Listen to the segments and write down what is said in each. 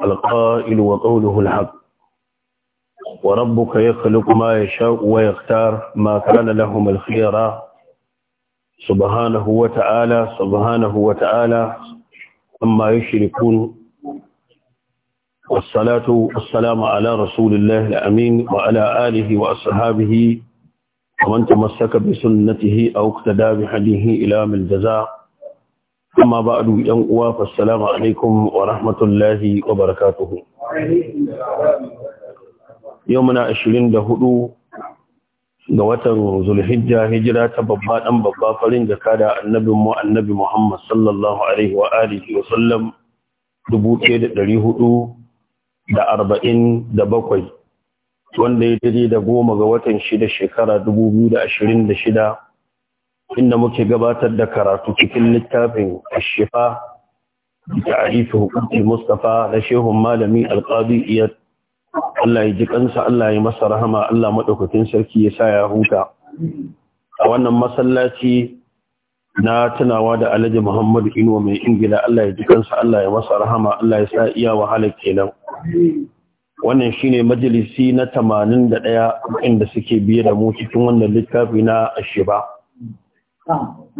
القائل وقوله الحق وربك يخلق ما يشاء ويختار ما كان لهم الخيرة سبحانه وتعالى سبحانه وتعالى أما يشركون والصلاة والسلام على رسول الله الأمين وعلى آله وأصحابه ومن تمسك بسنته أو اقتدى بهديه إلى من الجزاء amma ba a yan uwa fassalamu alaikum wa rahmatullahi wa barakatuhu yau muna ashirin da hudu ga watan zulhijja hijira ta babba dan babba farin jakada da annabin mu annabi muhammad sallallahu alaihi wa alihi wa sallam dubu da hudu da arba'in da bakwai wanda ya daidai da goma ga watan shida shekara dubu biyu da ashirin da shida inda muke gabatar da karatu cikin littafin shifa ta'arifi hukunci Mustapha da shehun malami alƙadi iya Allah ya ji kansa Allah ya masa rahama Allah madaukakin sarki ya sa ya huta a wannan masallaci na tunawa da Alhaji Muhammadu Inuwa mai Ingila Allah ya ji kansa Allah ya masa rahama Allah ya sa iya wahala kenan wannan shine majalisi na 81 inda suke biye da mu cikin wannan littafi na ashiba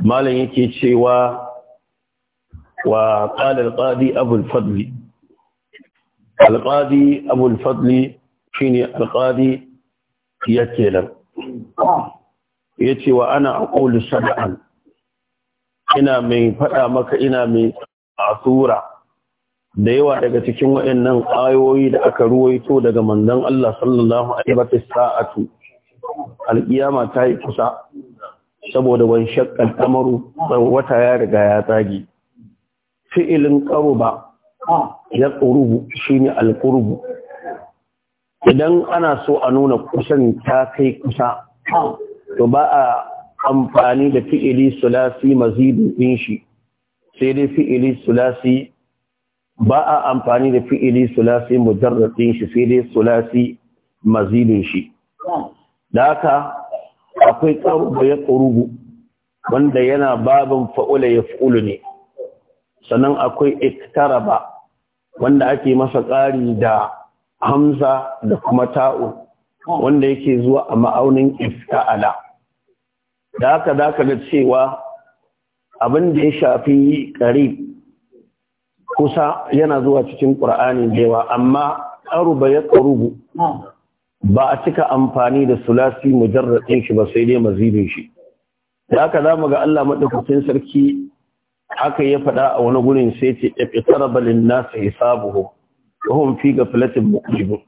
malam yake cewa wa qala al-qadi abu al-fadl al-qadi abu al shine al-qadi yake nan yace wa ana aqulu sab'an ina mai fada maka ina mai asura da yawa daga cikin waɗannan ayoyi da aka ruwaito daga manzon Allah sallallahu alaihi wa sallam alƙiyama ta yi kusa saboda wani shakkan kamaru wata ya riga ya tsage fi'ilin qaruba ya shi shine alqurbu idan ana so a nuna kusan ta kai kusa to ba a amfani da fi'ili sulasi mazidin din shi sai dai fi'ili sulasi ba a amfani da fi'ili sulasi shi sai dai sulasi mazidin shi da haka akwai ƙaruba ya wanda yana babin fa'ula ya fa'ulu ne sannan akwai iktaraba wanda ake masa ƙari da hamza da kuma ta'u wanda yake zuwa a ma'aunin ifta'ala da haka daka ka ga cewa abin da ya shafi ƙarib kusa yana zuwa cikin ƙur'ani da yawa amma ƙaruba ya ba a cika amfani da sulasi mujarradin shi ba sai dai mazibin shi da haka zamu ga Allah madaukakin sarki haka ya faɗa a wani gurin sai ce iqtaraba lin-nas hisabuhum wa hum fi ghaflatin muqribun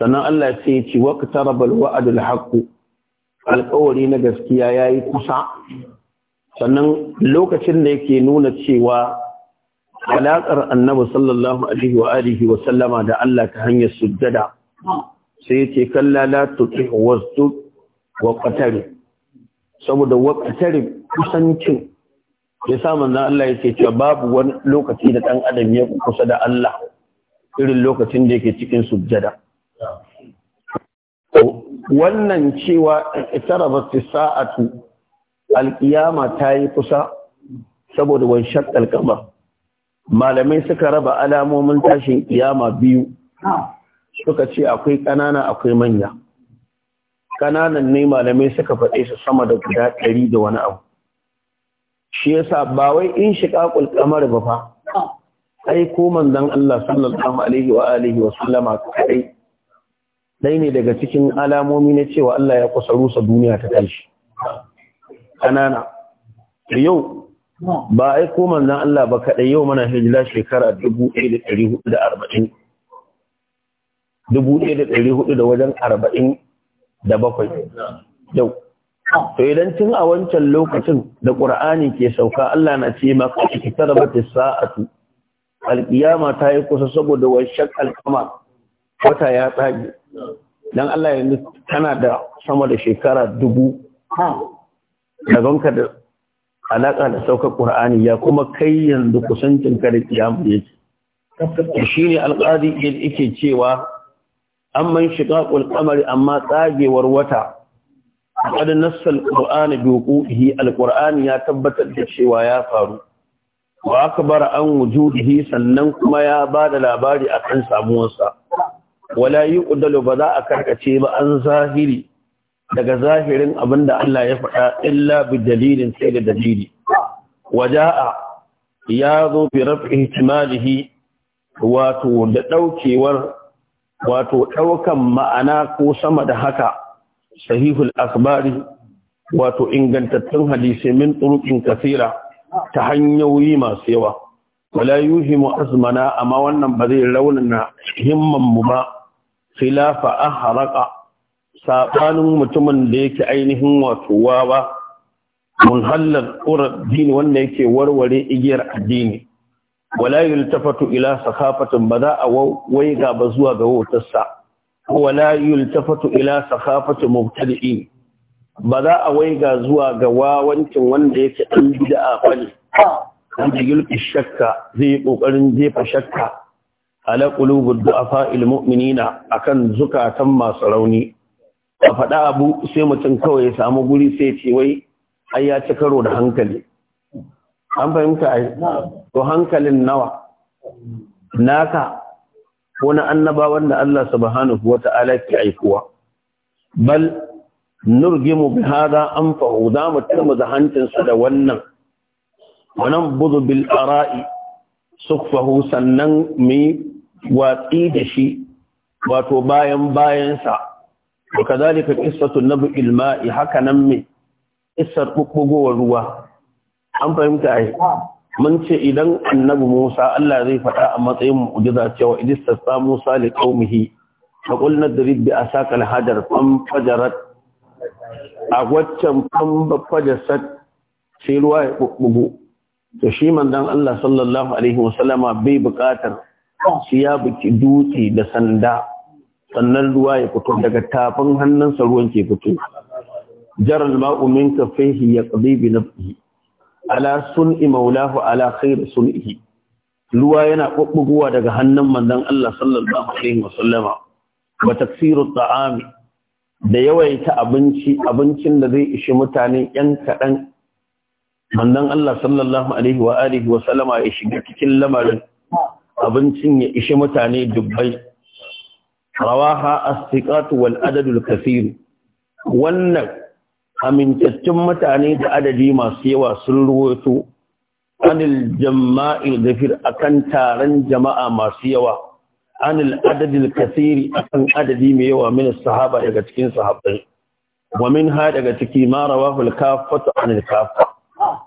sannan Allah sai ya ce waqtaraba al haqq alƙawari na gaskiya yayi kusa sannan lokacin da yake nuna cewa alaƙar annabi sallallahu alaihi wa alihi wa sallama da Allah ta hanyar sujjada sai yace kalla la wasu wastu saboda wa kusancin ya sa manzon Allah yake cewa babu wani lokaci da ɗan adam ya kusa da Allah irin lokacin da yake cikin sujjada wannan cewa ba su sa'atu alƙiyama ta yi kusa saboda wani shakkar kama malamai suka raba alamomin tashin ƙiyama biyu suka ce akwai ƙanana akwai manya ƙananan ne malamai suka faɗe su sama da guda ɗari da wani abu shi yasa ba wai in shiga ƙamar ba fa ai ko manzon Allah sallallahu alaihi wa alihi wa sallama kai dai ne daga cikin alamomi na cewa Allah ya kusa rusa duniya ta ƙarshe Ƙanana. yau ba ai ko manzon Allah ba kadai yau muna hijira shekara 1440 dubu ɗaya da ɗari hudu da wajen arba'in da bakwai yau to idan tun a wancan lokacin da ƙur'ani ke sauka Allah na ce ma tara tarbata sa'atu alƙiyama ta yi kusa saboda wancan alƙama wata ya tsage dan Allah ya yanzu kana da sama da shekara dubu dagonka da alaƙa da saukar ƙur'ani ya kuma kai yanzu kusancin da ƙiyamu yake shi ne alƙadi yake cewa amman shiqaqul qamari amma tsagewar wata qad nassa alquran bi wuquhi alquran ya tabbatar da cewa ya faru Ba aka bara an wujudihi sannan kuma ya ba da labari akan samuwarsa wala yuqdalu ba za a karkace ba an zahiri daga zahirin abin da Allah ya faɗa illa bi dalilin sai da dalili waja'a ya zo bi raf'i ihtimalihi wato da ɗaukewar. wato ɗaukan ma'ana ko sama da haka sahihul akbari wato ingantattun hadisai min turuqin kasira ta hanyoyi masu yawa wala yuhimu azmana amma wannan ba zai raunana himman mu ba khilafa haraka, saɓanin mutumin da yake ainihin wato wawa munhallar ƙurar dini wanda yake warware igiyar addini wala yultafatu ila sakhafatin ba za a wai ga ba zuwa ga wutarsa wala yultafatu ila sakhafati mubtadi'in ba za a wai ga zuwa ga wawancin wanda yake dan bid'a bane wanda yulki shakka zai yi ƙoƙarin jefa shakka ala qulubud du'afa il mu'minina akan zukatan masu rauni a faɗa abu sai mutum kawai ya samu guri sai ce wai ai ya ci karo da hankali an fahimta a to hankalin nawa naka ko na annabawan da Allah subhanahu ta'ala ke aikuwa bal nurgimu bi hada anfahu da mutum da hancinsu da wannan wannan buzu bil ara'i sukfahu sannan mi watsi da shi wato bayan bayansa zalika kadhalika na nab'il ma'i haka nan mi qissar bubbugowar ruwa an fahimta ai ah. mun ce idan annabi Musa Allah zai faɗa a matsayin mu'jiza cewa idistasa Musa li qaumihi fa qulna drib bi asaqal hajar fam fajarat a waccan fam fajasat sai ruwa ya bubbugo to shi manzon Allah sallallahu alaihi wasallama bai buƙatar shi ya buki dutse da sanda sannan ruwa ya fito daga tafin hannunsa ruwan ke fito jaral ma'u minka ya yaqdi bi nafsihi ala sun'i maulahu ala khairu sun'ihi ruwa yana bubbugowa daga hannun manzon Allah sallallahu alaihi Sallama wa taksiru ta'ami da yawaita abinci abincin da zai ishi mutane yan kadan manzon Allah sallallahu alaihi wa alihi wasallama ya shiga cikin lamarin abincin ya ishi mutane dubbai rawaha as-siqat wal adadul kathir wannan amintattun mutane da adadi masu yawa sun ruwato anil jama'i zafir kan taron jama'a masu yawa anil adadin kasiri akan adadi mai yawa mini sahaba daga cikin sahabbai wa min ha daga ciki mara rawahu al anil kafa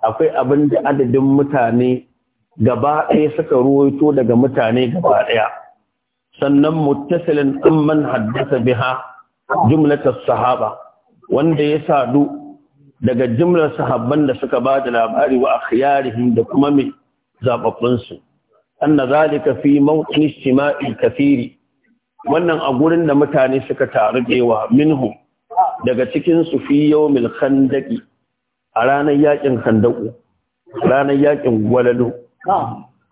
akwai abin da adadin mutane gaba ɗaya suka ruwato daga mutane gaba ɗaya sannan muttasilin amman haddasa biha jumlatar sahaba wanda ya sadu daga jimlar sahabban da suka ba da labari wa akhyarihim da kuma mai zaɓaɓɓunsu, anna zalika fi mawqin istima'i kathiri wannan a gurin da mutane suka taru dewa minhu daga cikin su fi yawmil khandaqi a ranar yakin khandaqu ranar yakin gwalalo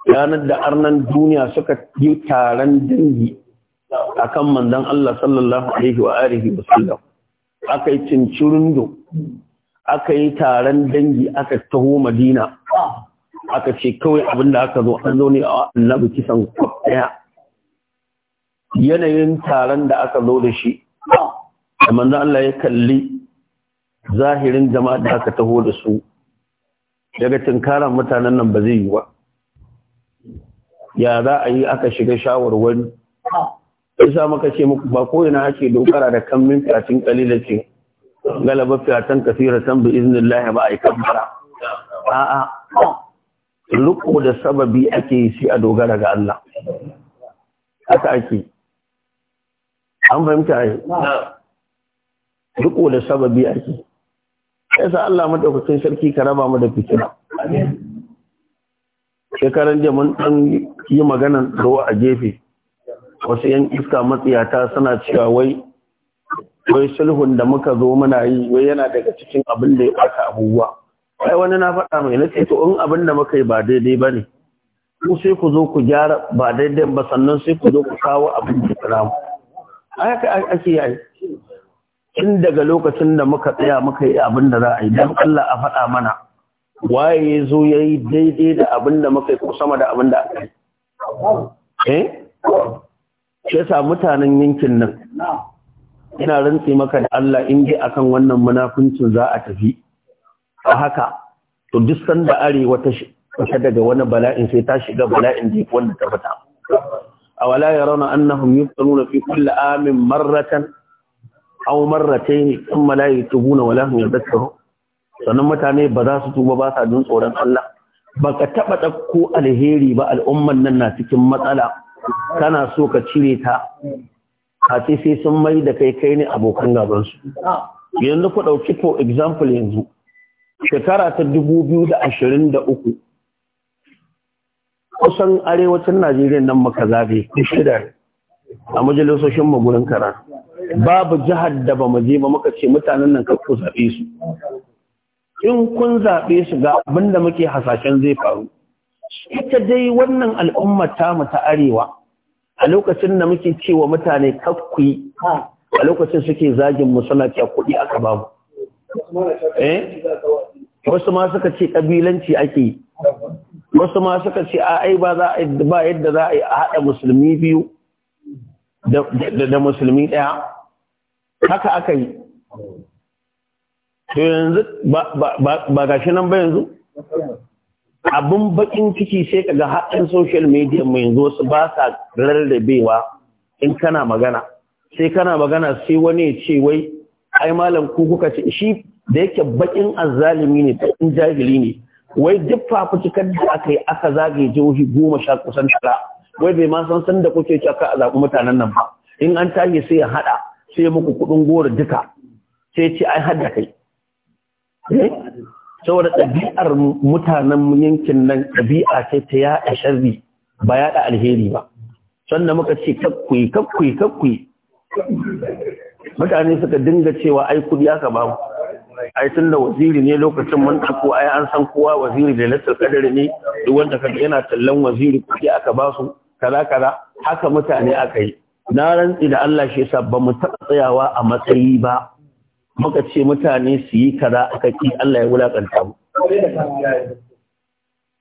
ranar da arnan duniya suka yi taron dangi akan manzon Allah sallallahu alaihi wa alihi wa sallam aka yi cincirindo aka yi taron dangi aka taho madina aka ce kawai abinda da aka zo an zo ne a annabi kisan kwaf yanayin taron da aka zo da shi da manzo Allah ya kalli zahirin jama'a da aka taho da su daga tunkaran mutanen nan ba zai yi ba ya za a yi aka shiga shawarwari isa maka ce muku ba ko ina ake dogara da kan min fiyatin kalila ce galaba fiyatan kafira san bi iznillahi ba ai kabbara a'a luko da sababi ake shi a dogara ga Allah haka ake an fahimta ai luko da sababi ake yasa Allah madaukakin sarki ka raba mu da fitina shekaran jaman dan yi maganan ruwa a gefe wasu yan iska matsiyata suna cewa wai wai sulhun da muka zo muna yi wai yana daga cikin abin da ya ɓata abubuwa ai wani na faɗa mai na to in abin da muka yi ba daidai ba ne ku sai ku zo ku gyara ba daidai ba sannan sai ku zo ku kawo abin da ya mu ai haka ake yi tun daga lokacin da muka tsaya muka yi abin da za a yi dan Allah a faɗa mana waye ya zo ya yi daidai da abin da muka yi ko sama da abin da aka yi eh shi yasa mutanen yankin nan ina rantsi maka da Allah in dai akan wannan munafincin za a tafi a haka to duk sanda arewa ta wata daga wani bala'in sai ta shiga bala'in jiki wanda ta fita awala yarawna annahum yuftanuna fi kulli amin marratan aw marratayn thumma la yatubuna wala hum yadhakkarun sannan mutane ba za su tuba ba sa jin tsoron Allah baka taba dauko alheri ba al'umman nan na cikin matsala kana so ka cire ta a ce sai sun mai da kai kai ne abokan gabansu yanzu ku ɗauki for example yanzu shekara ta dubu kusan arewacin najeriya nan maka zabe shida a majalisoshin magurin kara babu jihar da ba mu je ba muka ce mutanen nan kakko zaɓe su in kun zaɓe su ga abin muke hasashen zai faru ita dai wannan al'ummar tamu ta arewa a lokacin da muke cewa mutane kakkuyi a lokacin suke zagin mu suna cewa kuɗi aka babu eh wasu ma suka ce kabilanci ake yi wasu ma suka ce a ai ba za ba yadda za a haɗa musulmi biyu da musulmi ɗaya haka aka yi to yanzu ba ga shi nan ba yanzu abin bakin ciki sai kaga haɗin social media mai yanzu wasu ba sa rarrabewa in kana magana sai kana magana sai wani ya ce wai ai malam ku kuka ce shi da yake bakin azzalimi ne ta in jahili ne wai duk fafutukar da aka yi aka zagaye jihohi goma sha kusan tara wai bai ma san san da kuke ce aka zaɓi mutanen nan ba in an tashi sai ya haɗa sai muku kuɗin goro duka sai ce ai hadda kai eh? saboda ɗabi'ar mutanen yankin nan ɗabi'a ce ta yaɗa sharri ba yaɗa alheri ba sannan muka ce kakkui kakkui kakkui mutane suka dinga cewa ai kudi aka ba ai tun da waziri ne lokacin mun ɗauko ai an san kowa waziri da lasar kadari ne duk wanda kaga yana tallan waziri kudi aka ba su kaza kaza haka mutane aka yi na rantsi da Allah shi yasa ba mu taɓa tsayawa a matsayi ba muka ce mutane su yi kaza aka ki Allah ya wulakanta mu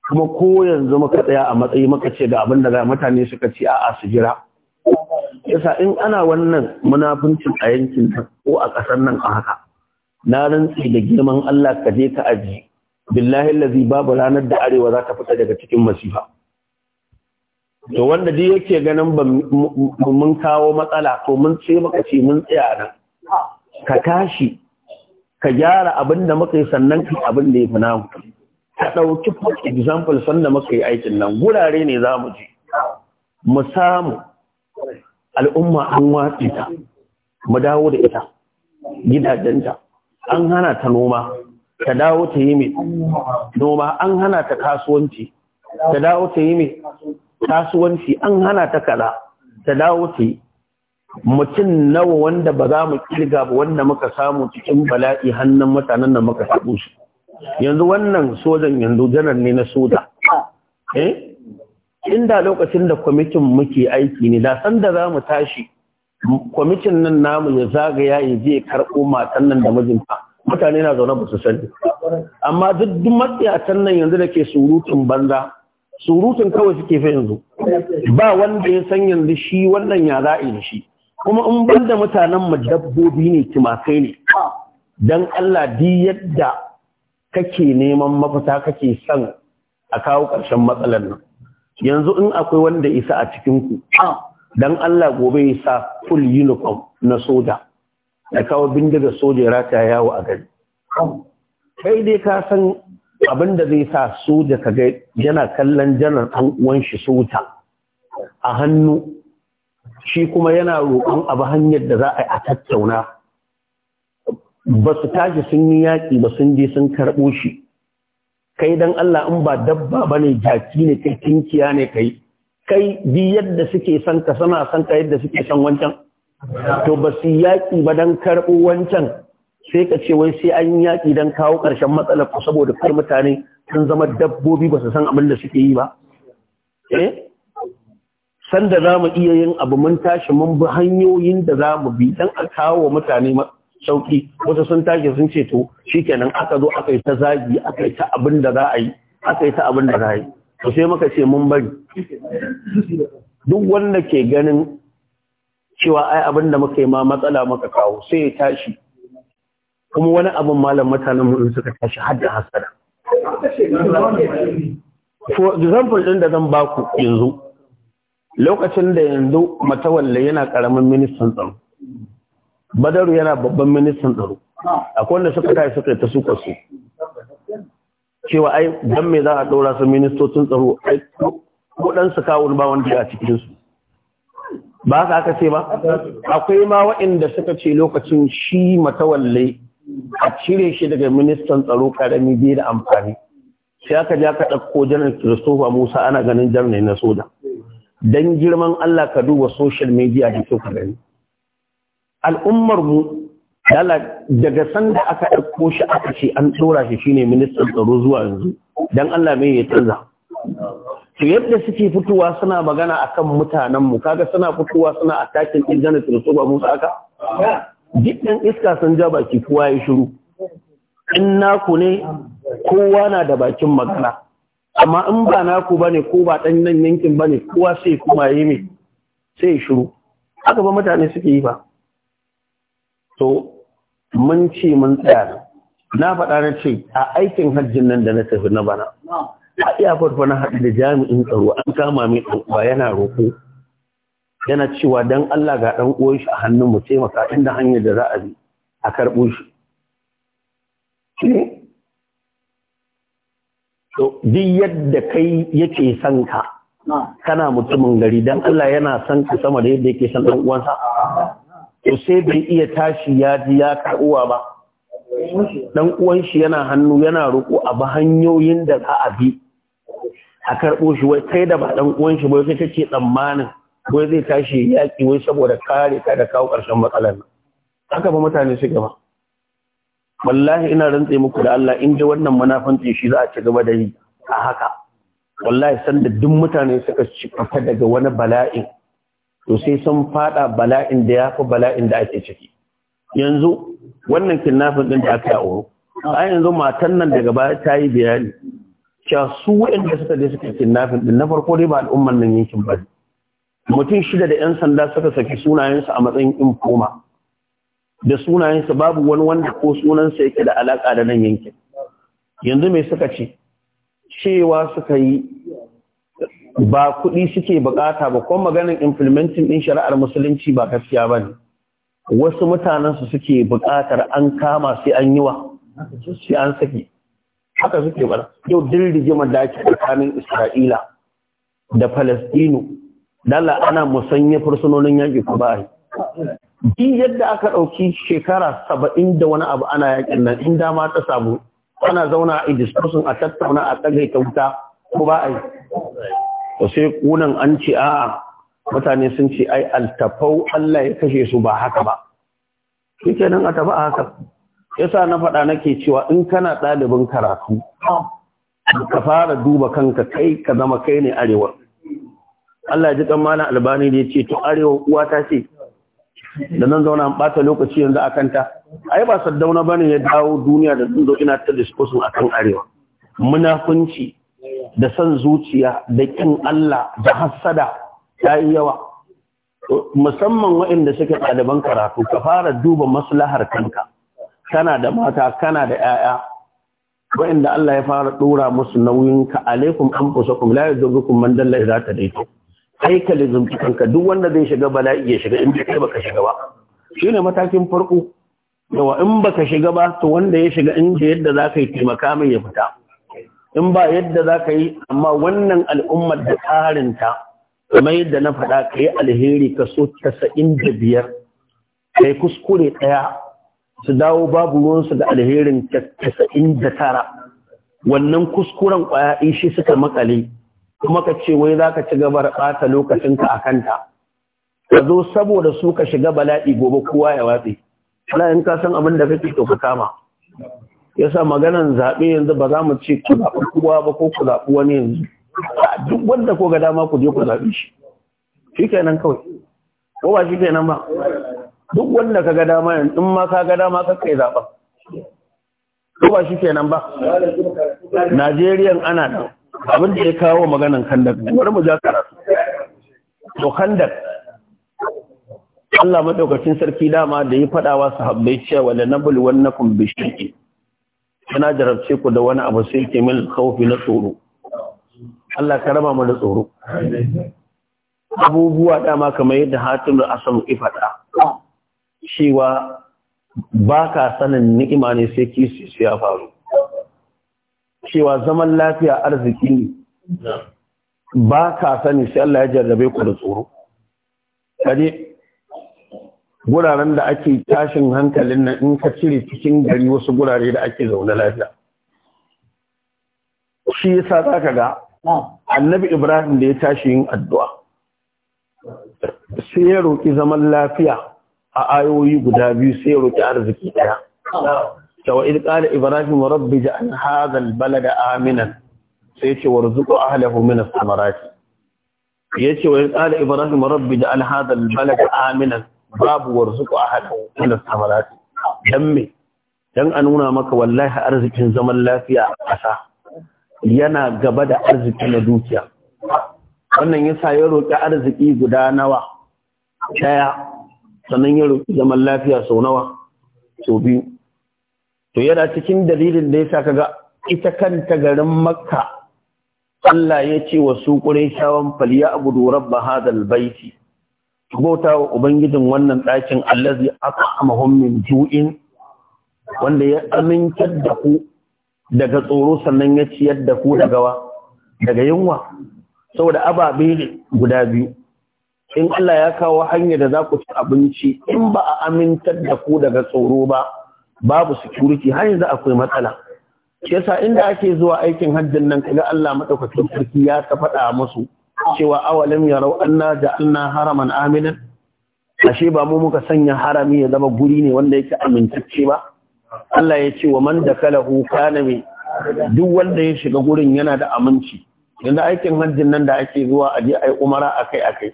kuma ko yanzu muka tsaya a matsayi muka ce ga abin da za mutane suka ce a'a su jira yasa in ana wannan munafincin a yankin nan ko a ƙasar nan a haka na rantsi da girman Allah ka je ka aji billahi allazi babu ranar da arewa za ta fita daga cikin masifa to wanda dai yake ganin mun kawo matsala ko mun ce maka ce mun tsaya nan ka tashi ka gyara abin da muka yi sannan ka abin da ya fi namu ka ɗauki for example sanda muka yi aikin nan gurare ne za mu je mu samu al'umma an watsi ta mu dawo da ita gidajenta an hana ta noma ta dawo ta yi mai noma an hana ta kasuwanci ta dawo ta yi mai kasuwanci an hana ta kala ta dawo ta yi mutum nawa wanda ba za mu kirga ba wanda muka samu cikin bala'i hannun mutanen da muka taɓo su yanzu wannan sojan yanzu janar ne na soja eh inda lokacin da kwamitin muke aiki ne da san da za mu tashi kwamitin nan namu ya zagaya ya je karɓo matan nan da mijinta mutane na zaune ba su sani amma duk matsiyatan nan yanzu da ke surutun banza surutun kawai suke fi yanzu ba wanda ya san yanzu shi wannan ya za'i da shi kuma in ban da mutanen mu dabbobi ne timakai ne ah. don Allah di yadda kake neman mafita kake son a kawo ƙarshen matsalar nan yanzu in akwai wanda isa a cikin ku ah. dan Allah gobe ya sa full uniform na soja da kawo bindiga soja ya rata yawo a gari ah. kai dai ka san abin da zai sa soja ka ga yana kallon janar an uwan shi soja a hannu shi kuma yana roƙon abu hanyar da za a yi a tattauna ba su tashi sun yi yaƙi ba sun je sun karɓo shi kai don Allah in ba dabba ba ne jaki ne kai tinkiya ne kai kai bi yadda suke son ka sana son ka yadda suke son wancan to ba su yaƙi ba don karɓo wancan sai ka ce wai sai an yi yaƙi don kawo ƙarshen matsalar ku saboda kar mutane sun zama dabbobi ba su san abin da suke yi ba eh sanda za mu iya yin abu mun tashi mun bi hanyoyin da za mu bi don a kawo wa mutane sauki wasu sun tashi sun ce to shi kenan aka zo aka yi ta zagi aka yi ta abin da za a yi aka yi ta abin da za a yi to sai muka ce mun bari duk wanda ke ganin cewa ai abin da muka yi ma matsala muka kawo sai ya tashi kuma wani abin malam mutanen mu suka tashi har da hasada for example din da zan baku yanzu lokacin da yanzu matawalle yana karamin ministan tsaro badaru yana babban ministan tsaro akwai wanda suka kai suka ta suka su cewa ai dan me za a dora su ministocin tsaro ai ko dan su kawo ba wanda a cikin su ba haka aka ce ba akwai ma waɗanda suka ce lokacin shi matawalle a cire shi daga ministan tsaro karami bai da amfani sai aka ja ka ɗauko janar Christopher Musa ana ganin janar na soja dan girman Allah ka duba social media da kyau ka Al'ummarmu, al'ummar mu daga sanda aka ɗauko shi aka ce an tsora shi shine ministan tsaro zuwa yanzu dan Allah me ya canza to yadda suke fitowa suna magana akan mutanen mu kaga suna fitowa suna a attacking da da ba Musa aka duk ɗan iska sun ja baki kowa ya shiru in naku ne kowa na da bakin magana amma in ba naku ba ne ko ba ɗan nan yankin ne kowa sai kuma yi mai sai shiru haka ba mutane suke yi ba to mun ce mun tsaya na faɗa na ce a aikin hajjin nan da na tafi na bana a iya farfa na haɗu da jami'in tsaro an kama mai ɗan'uwa yana roƙo yana cewa dan Allah ga ɗan uwan shi a hannun mu taimaka inda hanyar da za a bi a karɓo shi to duk yadda kai yake son ka kana mutumin gari Don Allah yana son ka sama da yadda yake son ɗan uwansa to sai bai iya tashi ya ji ya karɓuwa ba ɗan uwan yana hannu yana roƙo a ba hanyoyin da za a bi a karɓo shi wai kai da ba ɗan uwan shi ba sai kake tsammanin wai zai tashi yaƙi wai saboda kare ka da kawo ƙarshen matsalar nan haka ba mutane su gaba. wallahi ina rantse muku da Allah in ji wannan munafanci shi za a ci gaba da yi a haka wallahi sanda duk mutane suka ci fata daga wani bala'in to sai sun fada bala'in da yafi bala'in da ake ciki yanzu wannan kinnafin din da aka yi a a yanzu matan nan daga baya ta yi bayani cewa su waɗanda suka je suka kinnafin din na farko dai ba al'umman nan yankin ba mutum shida da 'yan sanda suka saki sunayensu a matsayin infoma. da sunayensa babu wani wanda ko sunansa yake da alaƙa da nan yankin yanzu mai suka ce cewa suka yi ba kuɗi suke bukata ba kuma maganin implementing ɗin shari'ar musulunci ba gaskiya ba ne wasu mutanensu suke buƙatar an kama sai an yi wa sai an saki haka suke bara yau duk rigima da ake tsakanin isra'ila da falastinu dala ana musanya fursunonin yaƙi ku ba Din yadda aka ɗauki shekara saba'in da wani abu ana yakin nan in dama ta samu ana zauna a discussion a tattauna a ta wuta ko ba a yi. To sai kunan an ce a'a mutane sun ce ai altafau Allah ya kashe su ba haka ba. Shi kenan a tafi a haka. Yasa na faɗa nake cewa in kana ɗalibin karatu ka fara duba kanka kai ka zama kai ne arewa. Allah ji kan mana albani da ya ce to arewa uwa ta ce da nan zauna an bata lokaci yanzu a kanta ai ba saddauna bane ya dawo duniya da sun ina ta discussion akan arewa munafunci da san zuciya da kin Allah da hassada ta yi yawa musamman waɗanda suke ɗaliban karatu ka fara duba maslahar kanka kana da mata kana da 'ya'ya waɗanda Allah ya fara ɗora musu nauyin ka alaikum anfusakum la yadurukum man dalla idza tadaytum haikalin ka duk wanda zai shiga bala'i ya shiga in kai baka shiga ba Shi ne matakin farko yawa in baka shiga ba to wanda ya shiga inda yadda za ka yi taimaka mai ya fita in ba yadda za ka yi amma wannan al'ummar da tsarinta kamar yadda na faɗa ka yi alheri so tasa'in da biyar ka yi kuskure ɗaya su dawo babu ruwansu da alherin tasa'in da tara wannan kuskuren ƙwaya shi suka makale kuma ka ce wai za ka ci gabar ɓata lokacinka a kanta ka zo saboda su ka shiga bala'i gobe kowa ya watsi wala in ka san abin da kake to ka kama yasa maganan zaɓe yanzu ba za mu ce ku zaɓi kowa ba ko ku zaɓi wani yanzu duk wanda ko ga dama ku je ku zaɓi shi shi kenan kawai ko ba shi kenan ba duk wanda ka ga dama yanzu in ma ka ga dama ka kai zaɓa ko ba shi kenan ba Najeriya ana nan abin da ya kawo maganan kandak bari mu ja to kandak Allah madaukakin sarki dama da ya fada wa sahabbai cewa la nabul wannakum bi shay'in kana jarabce ku da wani abu sai ke min khawfi na tsoro Allah ka raba mu da tsoro abubuwa dama kamar yadda hatimul asam ifada cewa ba ka sanin ni'ima ne sai kisi ya faru cewa zaman lafiya arziki ne ba ka sani sai Allah ya jarrabe ku da tsoro kaje guraren da ake tashin hankalin nan in ka cire cikin gari wasu gurare da ake zaune lafiya shi yasa ka ga annabi Ibrahim da ya tashi yin addu'a sai ya roƙi zaman lafiya a ayoyi guda biyu sai ya roƙi arziki ɗaya وإذ قال إبراهيم رب جعل هذا البلد آمنا سيتي وارزق أهله من الثمرات يتي وإذ قال إبراهيم رب جعل هذا البلد آمنا باب وارزق أهله من الثمرات دمي dan a nuna maka wallahi arzikin zaman lafiya a ƙasa yana gaba da arziki na dukiya wannan yasa ya roƙi arziki guda nawa daya sannan ya roƙi zaman lafiya sau nawa sau biyu to yana cikin dalilin da yasa kaga ita kanta garin makka Allah ya ce wa su quraishawan falyabudu rabb hadal baiti bauta wa ubangijin wannan ɗakin allazi at'amahum min ju'in wanda ya amintar da ku daga tsoro sannan ya ciyar da ku daga daga yunwa saboda ababe guda biyu in Allah ya kawo hanya da za ku ci abinci in ba a amintar da ku daga tsoro ba babu security har yanzu akwai matsala shi yasa inda ake zuwa aikin hajjin nan kaga Allah madaukakin sarki ya ta faɗa musu cewa awalam rau anna ja'alna haraman aminan ashe ba mu muka sanya harami ya zama guri ne wanda yake amintacce ba Allah ya ce wa man dakalahu kana mai duk wanda ya shiga gurin yana da aminci yanzu aikin hajjin nan da ake zuwa a aje ai umara akai akai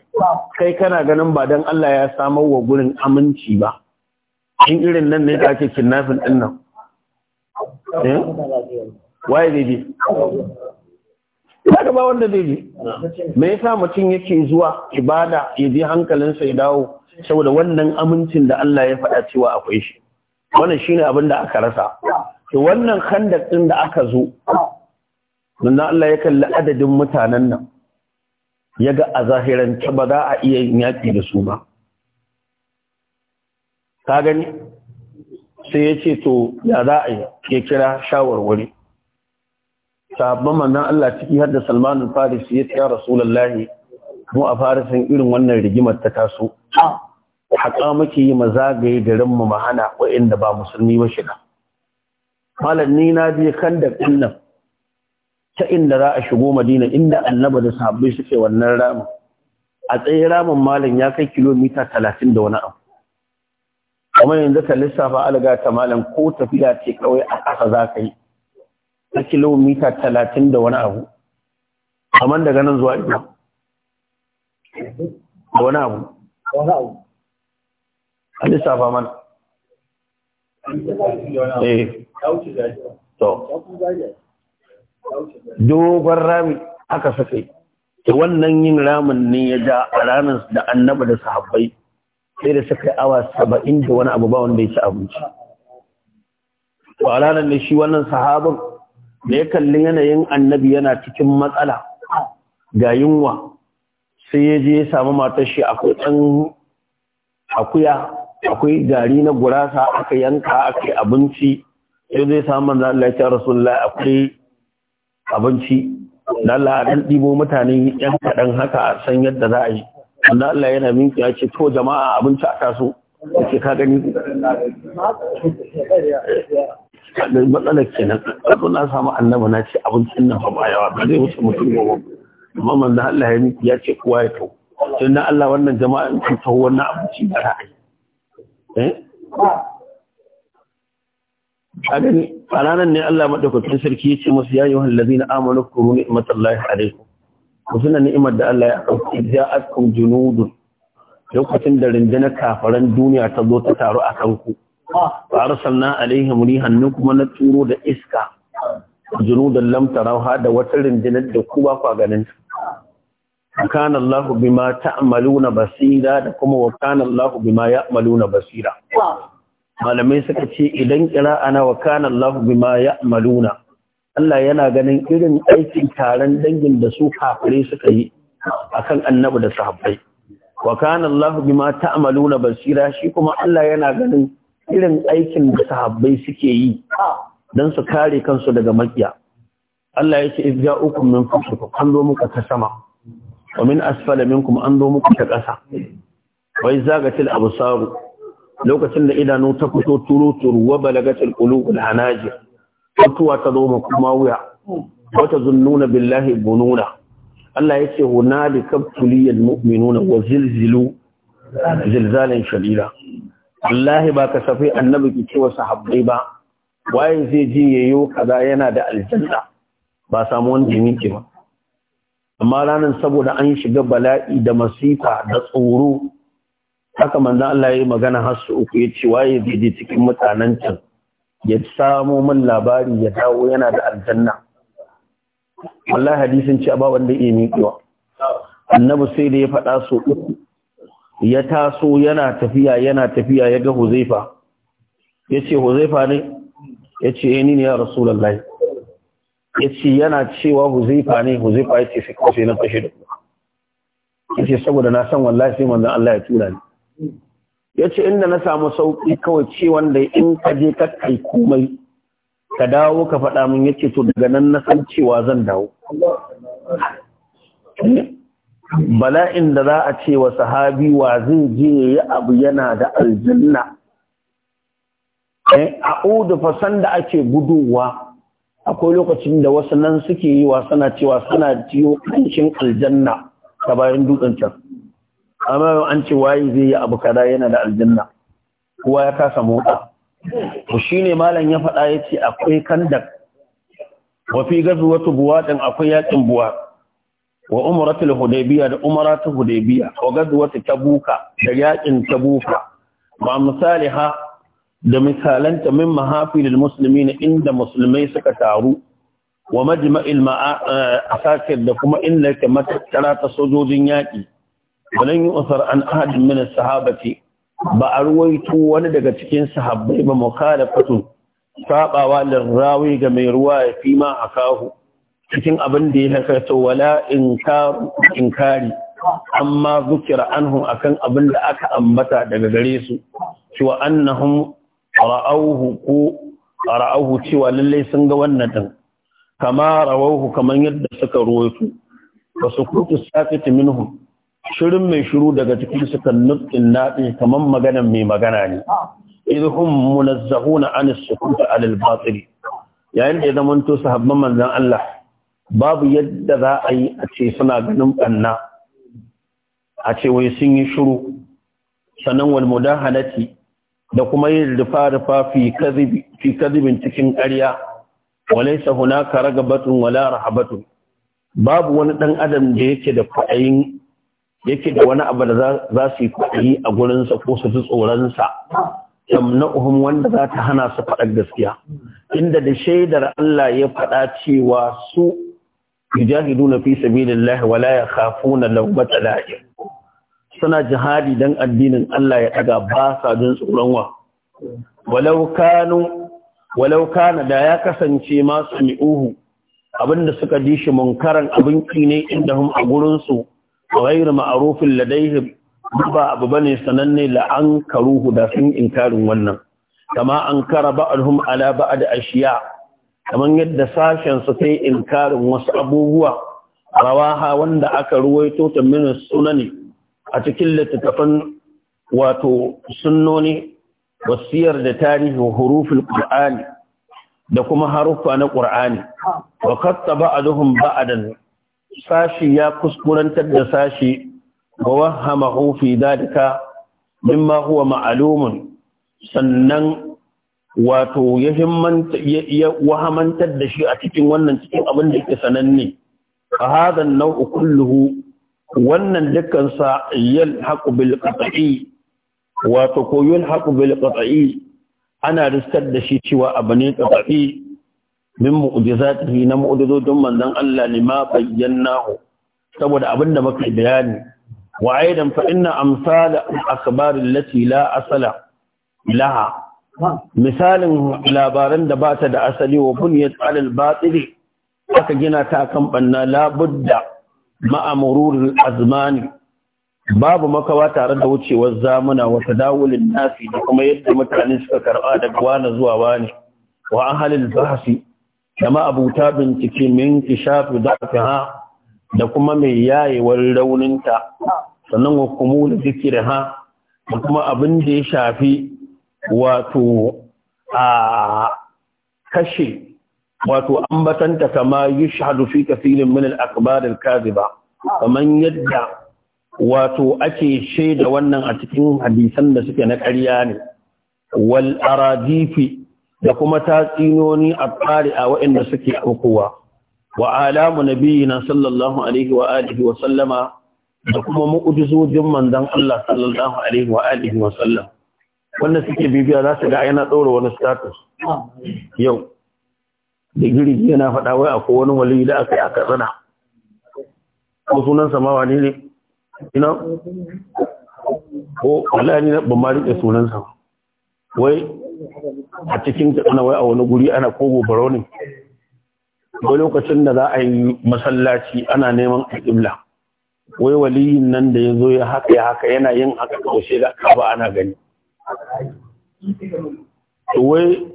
kai kana ganin ba dan Allah ya samar wa gurin aminci ba in irin nan ne da ake kinnafin din nan eh? waye zai je kaga ba wanda zai je me yasa mutum yake zuwa ibada ya je hankalinsa ya dawo saboda wannan amincin da Allah ya faɗa cewa akwai shi wannan shine abin da aka rasa to wannan khandak ɗin da aka zo nan Allah ya kalli adadin mutanen nan ya ga a zahirance ba za a iya yin yaki da su ba ka gani sai ya ce to ya za a yi ya kira shawarwari sabon manzan Allah ciki har da salmanin faris ya rasu rasulallahi mu a farisin irin wannan rigimar ta taso haƙa muke yi mazagaye garin mu mahana waɗanda ba musulmi ba shiga malam ni na je kan da ta inda za a shigo madina inda annaba da sahabbai suke wannan ramin a tsaye ramin malam ya kai kilomita talatin da wani abu kamar yanzu ka lissafa alaga ta malam ko tafiya ce kawai a ƙasa za ka yi na kilomita talatin da wani abu kamar daga nan zuwa ido da wani abu a lissafa mana eh to dogon rami aka saka yi wannan yin ramin ne ya ja a ranar da annaba da sahabbai sai da suka yi awa saba'in da wani abu ba wanda ya ci abinci to a da shi wannan sahabin da ya kalli yanayin annabi yana cikin matsala ga yunwa sai ya je ya samu matar shi akwai ɗan akuya akwai gari na gurasa aka yanka aka abinci sai zai samu manzan Allah ya akwai abinci Lalla a ɗan ɗibo mutane ‘yan kaɗan haka a san yadda za a yi. wanda Allah yana minki ya ce to jama'a abinci a taso da ke ka gani matsalar kenan ƙarfi na samu annaba na ce abincin nan ba yawa ba zai wuce mutum ba amma manzo Allah ya minki ya ce kowa ya to tun na Allah wannan jama'a in kun tau wannan abinci da ra'ayi eh a gani a ranar ne Allah madaukakin sarki ya ce musu ya yi wani lazina amanu kuru ni'matallahi alaikum ku suna ni'imar da Allah ya ɗauki ja'atkum junudun lokacin da rindina kafaran duniya ta zo ta taru a kanku fa arsalna alaihim rihan kuma na turo da iska junudan lam ha da wata rindina da ku ba ku ganin kana Allah bima ta'maluna basira da kuma wa kana Allah bima ya'maluna basira malamai suka ce idan kira ana wa kana Allah bima ya'maluna Allah yana ganin irin aikin taron dangin da su kafirai suka yi akan annabi da sahabbai wa kana Allah bima ta'maluna basira shi kuma Allah yana ganin irin aikin da sahabbai suke yi dan su kare kansu daga makiya Allah yake izja'ukum min fusukum an zo muka ta sama wa min asfala minkum an zo muku ta ƙasa wai zagatil absar lokacin da idanu ta fito turu turu wa balagatil qulubul hanajir mutuwa ta zo kuma wuya wata zunnuna billahi bununa Allah ya ce hunalika tuliyal mu'minuna wa zilzilu zilzalan shadida wallahi ba kasafai annabi ki ce wa sahabbai ba waye zai ji yayo kaza yana da aljanna ba samu wanda yake ba amma ranar saboda an shiga bala'i da masifa da tsoro haka manzo Allah ya yi magana har su uku ya ce waye zai ji cikin mutanen can ya samo min labari ya dawo yana da aljanna wallahi hadisin ci ba wanda ya miƙewa annabi sai da ya faɗa so ya taso yana tafiya yana tafiya ya ga huzaifa ya ce huzaifa ne ya ce eh, ni ne ya rasulallah ya ce yana cewa huzaifa ne huzaifa yace sai ko sai na fashe da kuma ya ce saboda na san wallahi sai manzan Allah ya tura ni ya ce inda na samu sauƙi kawai ce wanda in ka je ka kai komai ka dawo ka faɗa min ya ce to daga nan na san cewa zan dawo bala'in da za a ce wa sahabi wa zai je ya abu yana da aljanna eh, a udu fasan da ake guduwa akwai lokacin da wasu nan suke yi wa suna cewa suna jiyo kanshin aljanna ta bayan dutsen can amma an ce waye zai yi abu kada yana da aljanna kowa ya kasa motsa to shine malam ya faɗa yace akwai kandak wa fi gazwatu buwadin akwai yakin buwa wa umratul hudaybiya da umratul hudaybiya wa gazwatu tabuka da yakin tabuka ma misaliha da misalanta min mahafilil muslimin inda musulmai suka taru wa majma'il eh, asakir da kuma inda ke matattara ta sojojin yaƙi walan yi an ahad min as-sahabati ba a ruwaito wani daga cikin sahabbai ba mukhalafatu sabawa lirawi ga mai ruwa ya fi ma akahu cikin abin da ya hakato wala inkaru inkari amma zukira anhu akan abin da aka ambata daga gare su cewa annahum ra'awhu ko ra'awhu cewa lallai sun ga wannan din kama rawahu kaman yadda suka ruwaito wasu kutu sakiti minhum shirin mai shiru daga cikin sukan kan nutsin naɗi kamar magana mai magana ne idhum munazzahuna an na anis ala al-batil yayin da ya zama to sahabban manzan Allah babu yadda za a yi a ce suna ganin banna a ce wai sun yi shiru sanan wal mudahalati da kuma yin rufa rufa fi kazibin cikin kadhibin cikin sahuna ka raga batun wala rahabatun babu wani ɗan adam da yake da fa'ayin yake da wani abu da za su yi kwaɗayi a gurinsa ko su ji tsoronsa uhun wanda za ta hana su faɗar gaskiya inda da shaidar Allah ya faɗa cewa su na fi sabilillah wala ya na lawmata la'im suna jihadi dan addinin Allah ya ɗaga ba sa jin tsoron wa walau kanu da ya kasance ma sami'uhu abinda suka ji shi munkaran abin ne inda hum a gurinsu. ghayr ma'rufin ladayhim ba abu bane sananne la an karuhu da sun inkarin wannan kama an kara ba'dhum ala ba'd ashiya kaman yadda sashen su sai inkarin wasu abubuwa rawaha wanda aka ruwaito ta min sunani a cikin littattafan wato sunnoni wasiyar da tarihi hurufin qur'ani da kuma haruffa na qur'ani wa katta ba'dhum ba'dan sashi ya kuskurantar da sashi wa wahamahu fi dalika mimma huwa ma'lumun sannan wato ya wahamantar da shi a cikin wannan cikin abin da yake sananne fa hadan nau'u kulluhu wannan dukkan sa haqu bil qat'i wato ko haqu bil qat'i ana riskar da shi cewa abane ne qat'i min mu'jizatihi na mu'jizatun manzon Allah ma bayyanahu saboda abinda muka bayani wa aidan fa inna amsal akhbar allati la asala laha misalin labaran da bata da asali wa bunyat alal batili aka gina ta kan banna la budda ma'amurul azmani babu makawa tare da wucewar zamuna wa tadawulin nasi da kuma yadda mutane suka karba da gwana zuwa wani wa ahalin bahsi da ma'abuta bincike min kishafi ha da kuma mai yayewar rauninta sannan da kumulu ha, da kuma abin da ya shafi wato a kashe wato ambatanta kama yushhadu fi kathirin min al-akbar al kaman yadda wato ake shaida wannan a cikin hadisan da suke na ƙarya ne wal aradifi da kuma tatsinoni a tsari a waɗanda suke aukuwa wa alamu na sallallahu alaihi wa alihi wa sallama da kuma mu'ujizojin manzon Allah sallallahu alaihi wa alihi wa sallam wanda suke bibiya za su ga yana tsoro wani status yau da giri yana faɗa wai akwai wani wali da aka yi a katsina ko sunan samawa ne ne ina ko wala ne ban ma riƙe sunansa wai a cikin ana wai a wani guri ana kogo baro wai lokacin da za a yi masallaci ana neman alƙibla wai waliyin nan da ya zo ya haka ya haka yana yin haka kaushe da kaba ana gani wai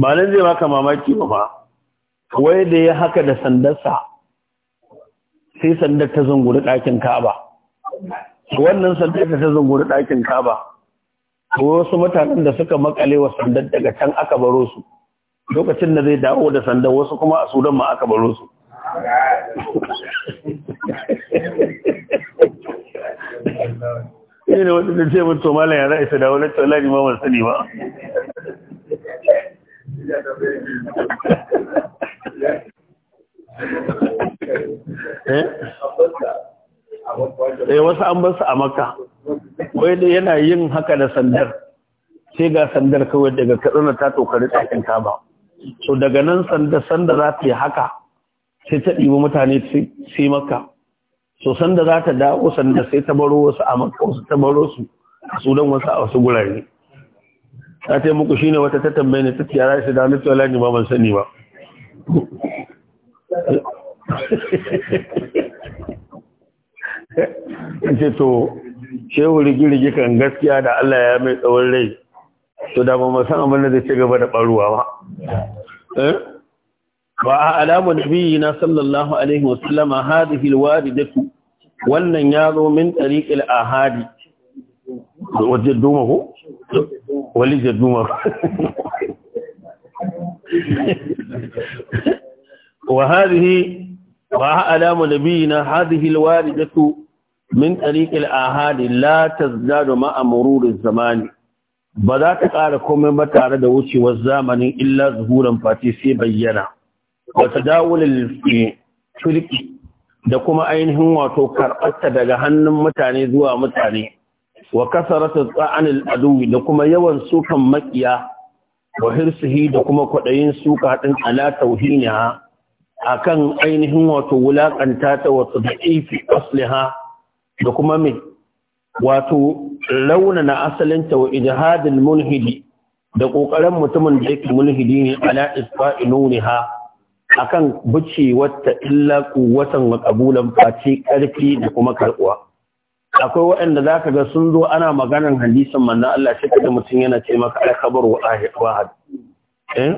ba nan zai maka mamaki ba ma wai da ya haka da sandarsa sai sandar ta zunguri ɗakin kaba wannan sandar ta zunguri ɗakin kaba wasu mutanen da suka makale wa sandar daga can aka baro su lokacin da zai dawo da sandar wasu kuma a sudan ma aka baro su ne wata da ce mutu mala ya ra'isa da wani tsola ne ma sani ba Yeah. sai eh, wasu an basu a maka, wai da yana yin haka da sandar sai ga sandar kawai daga katsina ta tokari ɗakin kaba so daga nan sandar sanda za ta yi haka sai ta ɗibi mutane sai maka, so sanda za ta dawo sanda sai ta baro wasu a maka wasu ta baro su a sudan wasu a wasu gurare ta ce muku shine wata ta tambaye ne ta ce yara shi da wani tsola ne ba ban sani ba in eh? ce to shehu rigirigi kan gaskiya da Allah ya mai tsawon rai to da ba mu san abin da zai ci gaba da ɓaruwa ba wa eh? alamu na sallallahu alaihi wa sallama da alwaridatu wannan ya zo min tariqil ahadi wajen duma ko wali jaduma wa hadhihi wa alamu nabiyina da alwaridatu min tariqil ahadi la tazdadu ma'a zamani ba za ta ƙara komai ba tare da wucewar zamanin illa zuhuran fati sai bayyana wa tadawulil shirki da kuma ainihin wato karɓarta daga hannun mutane zuwa mutane wa kasaratu tsa'anil aduwi da kuma yawan sukan makiya wa hirsihi da kuma kwaɗayin suka haɗin ala A akan ainihin wato wulaƙanta ta wasu da'ifi asliha da kuma mai wato launana asalin wa ijhadul mulhidi da ƙoƙarin mutumin da yake mulhidi ne ala isfa'i nuniha akan buce wata illa quwwatan wa qabulan face ƙarfi da kuma karɓuwa akwai waɗanda zaka ga sun zo ana maganar hadisin manna Allah shi da mutum yana ce maka ai khabar wa ahad eh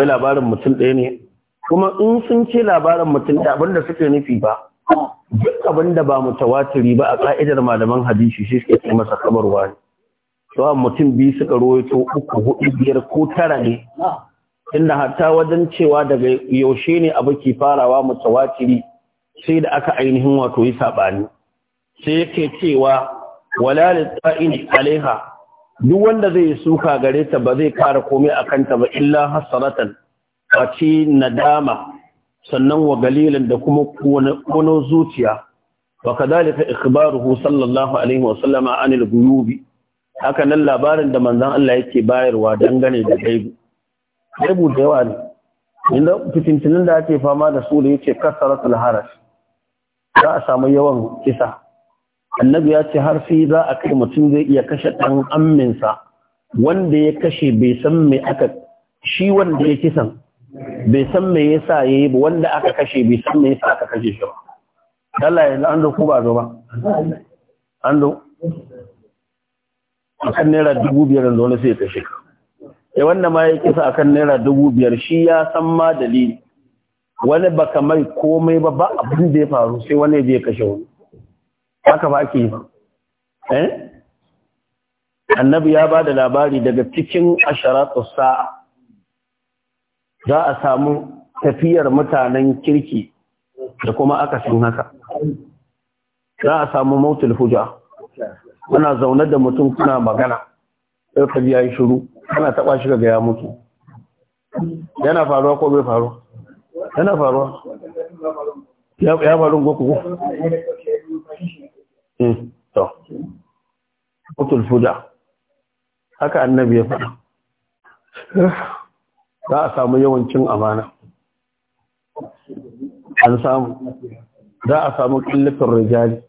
labarin mutum ɗaya ne kuma in sun ce labarin mutum da abinda suke nufi ba duk abin da ba mutawatiri ba a ka'idar malaman hadisi shi suke ce masa kabarwa ne to mutum biyu suka rawaito uku hudu biyar ko tara ne inda hatta wajen cewa daga yaushe ne abu ke farawa mutawatiri sai da aka ainihin wato yi sabani sai yake cewa wala ta'in alaiha duk wanda zai suka gare ta ba zai kara komai akan ta ba illa hasaratan face nadama sannan wa Galilin da kuma Kuno zuciya wa kadhalika ikhbaruhu sallallahu alaihi wa sallama anil ghuyubi haka nan labarin da manzon Allah yake bayarwa dangane da gaibu gaibu da yawa ne inda fitintinin da ake fama da su da yace kasaratul haraj za a samu yawan kisa annabi ya ce har sai za a kai mutum zai iya kashe ɗan amminsa wanda ya kashe bai san me aka shi wanda ya kisan bai san me yasa yayi ba wanda aka kashe bai san me yasa aka kashe shi ba Allah yanzu an zo ko ba zo ba an do akan naira dubu biyar da sai ya kashe ka eh wannan ma ya kisa akan naira dubu biyar shi ya san ma dalili wani baka mai komai ba ba abin da ya faru sai wani je kashe wani haka ba ake yi ba eh annabi ya ba da labari daga cikin asharatu sa'a za a samu tafiyar mutanen kirki da kuma akasin haka za a samu mautul huja kuna zaune da mutum kuna magana sai ka biya shiru kana taba shi ga ya mutu yana faruwa ko bai faruwa yana faruwa ya faru goku eh, to mautul huja haka annabi ya faɗa za a samu yawancin amana an samu za a samu kallifin rijali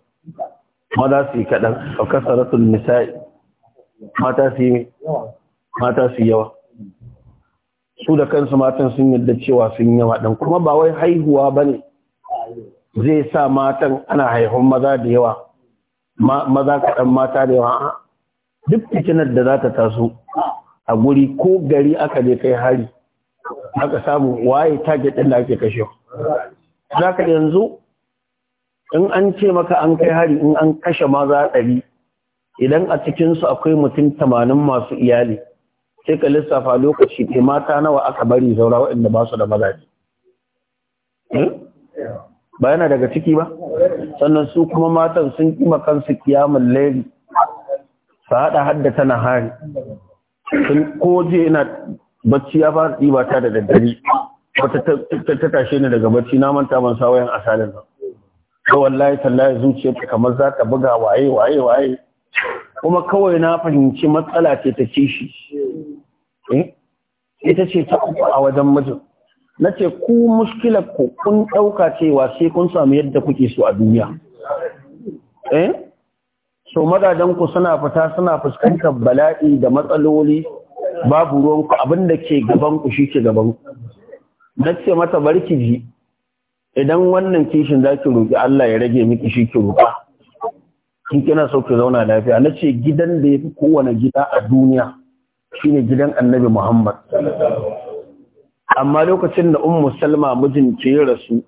mata su yi kaɗan a kasaratun nisa'i mata su yi mata su yawa su da kansu matan sun yadda cewa sun yawa ɗan kuma ba wai haihuwa ba ne zai sa matan ana haihun maza da yawa maza kaɗan mata da yawa duk fitinar da za ta taso a guri ko gari aka je kai hari aka samu waye target ɗin da ake kashe za ka yanzu in an ce maka an kai hari in an kashe maza ɗari idan a cikinsu akwai mutum tamanin masu iyali sai ka lissafa lokaci ke mata nawa aka bari zaura waɗanda ba su da mazaje hmm? ba yana daga ciki ba sannan su kuma matan sun kima kansu kiyamun lairi su haɗa haddata na hari Ko je ina bacci ya fara ɗiba ta da daddare wata ta tashe ni daga bacci na manta ban sa wayan asalin nan to wallahi tallahi zuciyarta kamar za ta buga waye waye waye kuma kawai na fahimci matsala ce ta kishi eh? ita ce ta uku a wajen mijin na ce ku muskilar ku kun ɗauka cewa sai kun samu yadda kuke so a duniya eh so magadan ku suna fita suna fuskantar bala'i da matsaloli babu ruwanku abin da ke gabanku shi ke gabanku na ce mata barki ji idan wannan kishin za ki roƙi Allah ya rage miki shi ki roƙa Kin kina so ki zauna lafiya na ce gidan da ya fi kowane gida a duniya shine gidan annabi Muhammad amma lokacin da ummu salma mijin ce ya rasu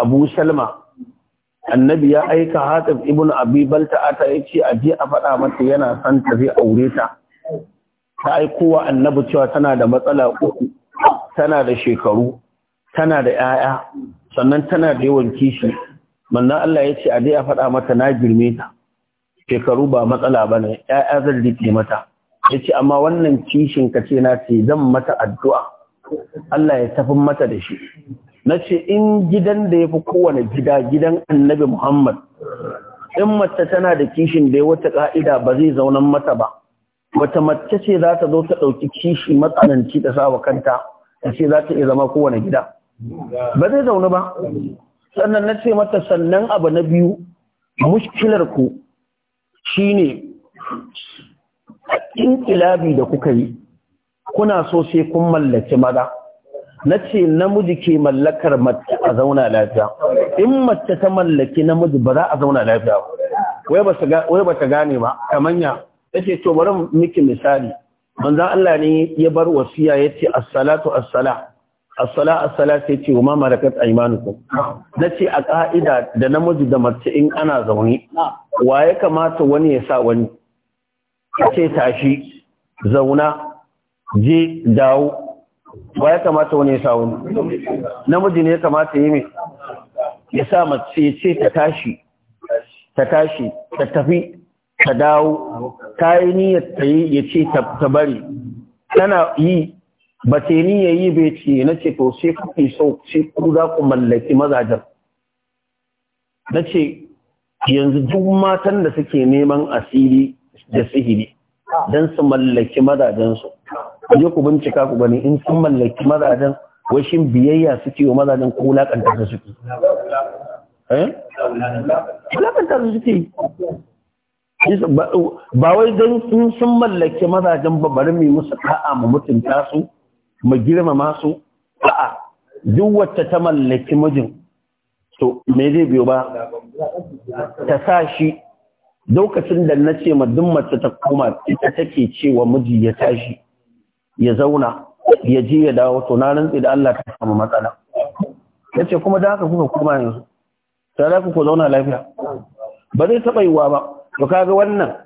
abu salma annabi ya aika Hatib ibn abi balta ata yace aje a faɗa mata yana son ta zai aure ta ta aikowa annabi cewa tana da matsala uku tana da shekaru tana da 'ya'ya sannan tana da yawan kishi manna Allah ya ce a dai a faɗa mata na girme ta shekaru ba matsala ba ne 'ya'ya zan rike mata ya ce amma wannan kishin ka ce na ce zan mata addu'a Allah ya tafi mata da shi na ce in gidan da ya fi kowane gida gidan annabi Muhammad in mace tana da kishin da ya wata ƙa'ida ba zai zaunan mata ba wata mace ce za ta zo ta ɗauki kishi matsananci ta sawa kanta ta ce za ta iya zama kowane gida ba zai zaune ba sannan na ce mata sannan abu na biyu mushkilar ku shine inkilabi da kuka yi kuna so sai kun mallaki maza na ce namiji ke mallakar mace a zauna lafiya in mace ta mallaki namiji ba za a zauna lafiya ba. wai ba ta gane ba kamanya tace to bari miki misali manzo Allah ne ya bar wasiya yace as-salatu as-sala as-sala as-sala sai ce wa ma malakat aymanukum nace a ka'ida da namiji da mace in ana zaune wa ya kamata wani ya sa wani ce tashi zauna je dawo Wa ya kamata wani ya sa wani? namiji ne ya kamata yi mai ya sa mace ce ta tashi ta tashi ta tafi ta dawo ta yi niyyar ta yi ya ce ta bari tana yi ba ta ni ya yi bai ce na ce to sai kuke sau sai ku za ku mallaki mazajen na ce yanzu duk matan da suke neman asiri da sihiri don su mallaki mazajensu ku je ku bincika ku gani in sun mallaki mazajen washin shin biyayya suke wa mazajen ko wulaƙantar da suke eh suke ba wai don sun sun mallake mazajen bari mai musu ka'a mu mutunta su mu girmama su a'a duk wacce ta mallaki mijin to me zai biyo ba ta sa shi lokacin da na ce duk mace ta koma ita take cewa miji ya tashi ya zauna ya je ya dawo to na rantsi da Allah ta samu matsala ya ce kuma da haka kuka koma yanzu ta za ku zauna lafiya ba zai taba yiwa ba to kaga wannan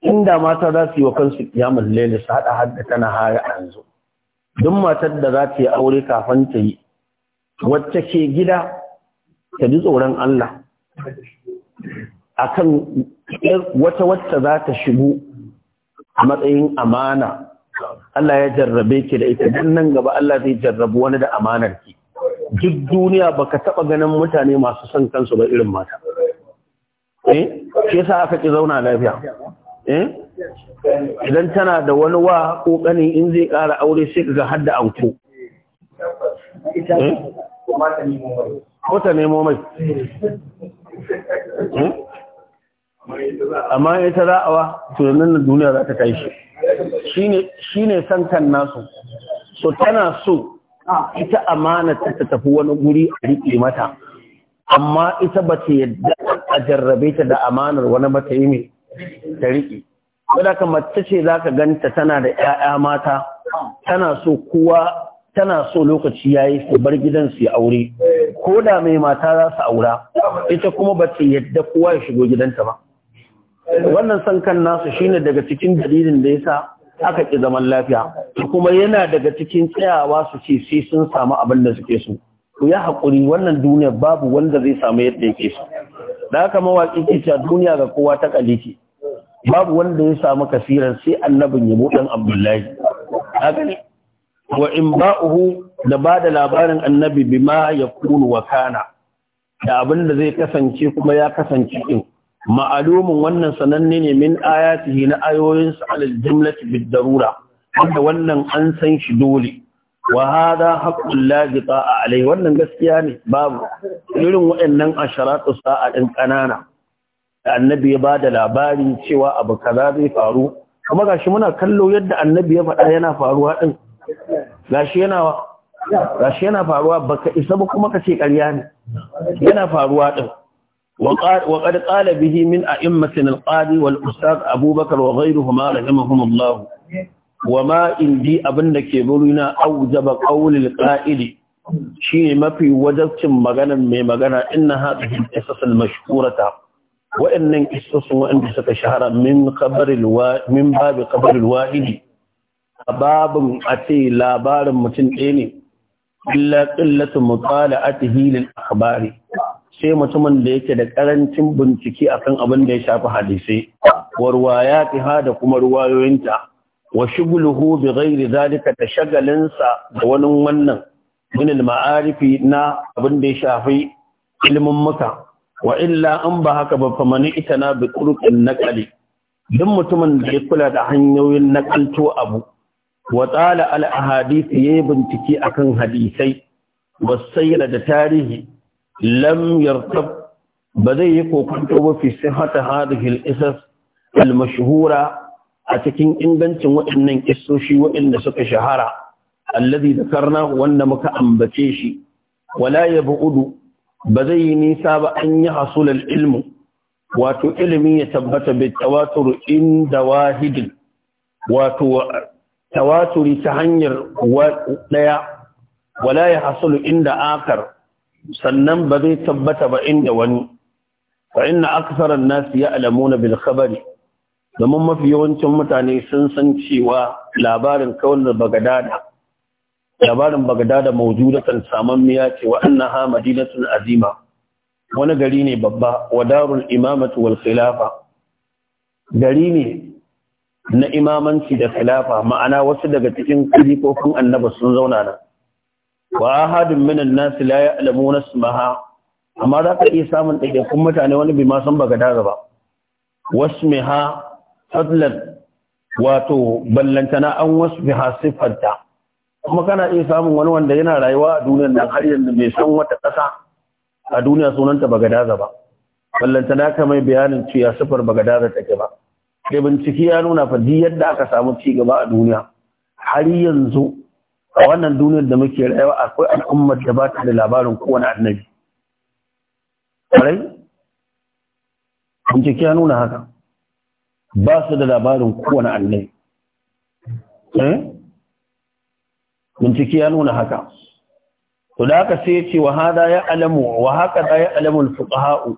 inda mata za su yi wa kansu kiyamul layl su hada hadda tana haya yanzu duk matar da za ta yi aure kafin ta yi wacce ke gida ta ji tsoron Allah akan wata wacce za ta shigo a matsayin amana Allah ya jarrabe ki da ita dan nan gaba Allah zai jarrabu wani da amanar ki duk duniya baka taba ganin mutane masu son kansu ba irin mata eh sa aka ki zauna lafiya eh? idan tana da wani wa kokani in zai ƙara aure sai kaga hadda anko eh? ko ta nemo mai eh? amma ya ta tunanin da duniya za ta kai shi ne son kan nasu so tana so ita amana ta tafi wani guri a riƙe mata amma ita ba ta yadda a jarrabe ta da amanar wani mata mai ta riƙe. Wadda ka mace ce za ka ganta tana da ‘ya'ya mata, tana so kowa tana so lokaci ya yi su bar gidan su ya aure, ko da mai mata za su aura, ita kuma ba ta yadda kowa ya shigo gidanta ba. Wannan son kan nasu shine daga cikin dalilin da ya sa aka ƙi zaman lafiya, kuma yana daga cikin tsayawa su ce sai sun samu abin da suke so. Ku yi haƙuri wannan duniyar babu wanda zai samu yadda yake so. da haka mawaƙi ke cewa duniya ga kowa ta kalike babu wanda ya samu kasiran sai annabin yabo dan abdullahi haka wa in ba'uhu da ba da labarin annabi bima ya kunu wa kana da abin da zai kasance kuma ya kasance din ma'alumin wannan sananne ne min ayatihi na ayoyinsa alal jumlati bid darura wanda wannan an san shi dole wa hada haqqul laziqa alai wannan gaskiya ne babu irin waɗannan asharatu sa'a din kanana annabi ya bada labarin cewa abu kaza zai faru kuma gashi muna kallo yadda annabi ya faɗa yana faruwa din gashi yana gashi yana faruwa baka isa ba kuma kace ƙarya ne yana faruwa din وقد قال به من أئمة القاضي والأستاذ أبو بكر وغيرهما رحمهم الله wa ma indi abin da ke burina aujaba qaulil qa'ili shine mafi wajabcin maganan mai magana inna hadhihi al-qisas al-mashhurata wa'annan qisas wa'anda suka shahara min qabril wa min babi qabril wahidi babun ace labarin mutum ɗaya ne illa qillatu mutala'atihi lil akhbari sai mutumin da yake da karancin bincike akan abin da ya shafi hadisi warwaya ta da kuma ruwayoyinta wa shuguluhu bi ghairi zalika ta shagalinsa da wani wannan min al-ma'arifi na abin da ya shafi ilmin muka wa illa an ba haka ba fa ita na bi turqin naqali duk mutumin da ya kula da hanyoyin nakalto abu wa tsala al ahadith yayi bincike akan hadisai wasaira da tarihi lam yartab ba zai yi kokonto ba fi sihhata hadhihi al-isas al-mashhura a cikin ingancin waɗannan kissoshi waɗanda suka shahara allazi zakarna wanda muka ambace shi wala yabudu ba zai yi nisa ba an yi hasulal ilmu wato ilimi ya tabbata bi tawatur inda wahidin wato tawaturi ta hanyar ɗaya. wala ya hasulu inda akar sannan ba zai tabbata ba inda wani fa inna na siya ya'lamuna bil khabari domin mafi yawancin mutane sun san cewa labarin kawai da bagadada labarin bagadada saman miya ce wa na madinatul azima wani gari ne babba wa darul imamatu wal khilafa gari ne na imamanci da khilafa ma'ana wasu daga cikin kalifofin annaba sun zauna nan wa ahadun minan nas la ya'lamuna ismaha amma za ka iya samun ɗaiɗaikun mutane wani bai ma san bagadada ba wasmiha atlan wato ballantana an wasu biha siffarta kuma kana iya samun wani wanda yana rayuwa a duniyar nan har yanzu bai san wata ƙasa a duniya sunanta bagadaza ba ballantana ka mai bayanin cewa sifar bagadaza take ba sai binciki ya nuna fa yadda aka samu ci gaba a duniya har yanzu a wannan duniyar da muke rayuwa akwai al'ummar da ba ta da labarin kowane annabi binciki ya nuna haka ba su da labarin kowane annai eh? bincike ya nuna haka to da haka sai ce wa hada ya alamu wa haka da ya alamu al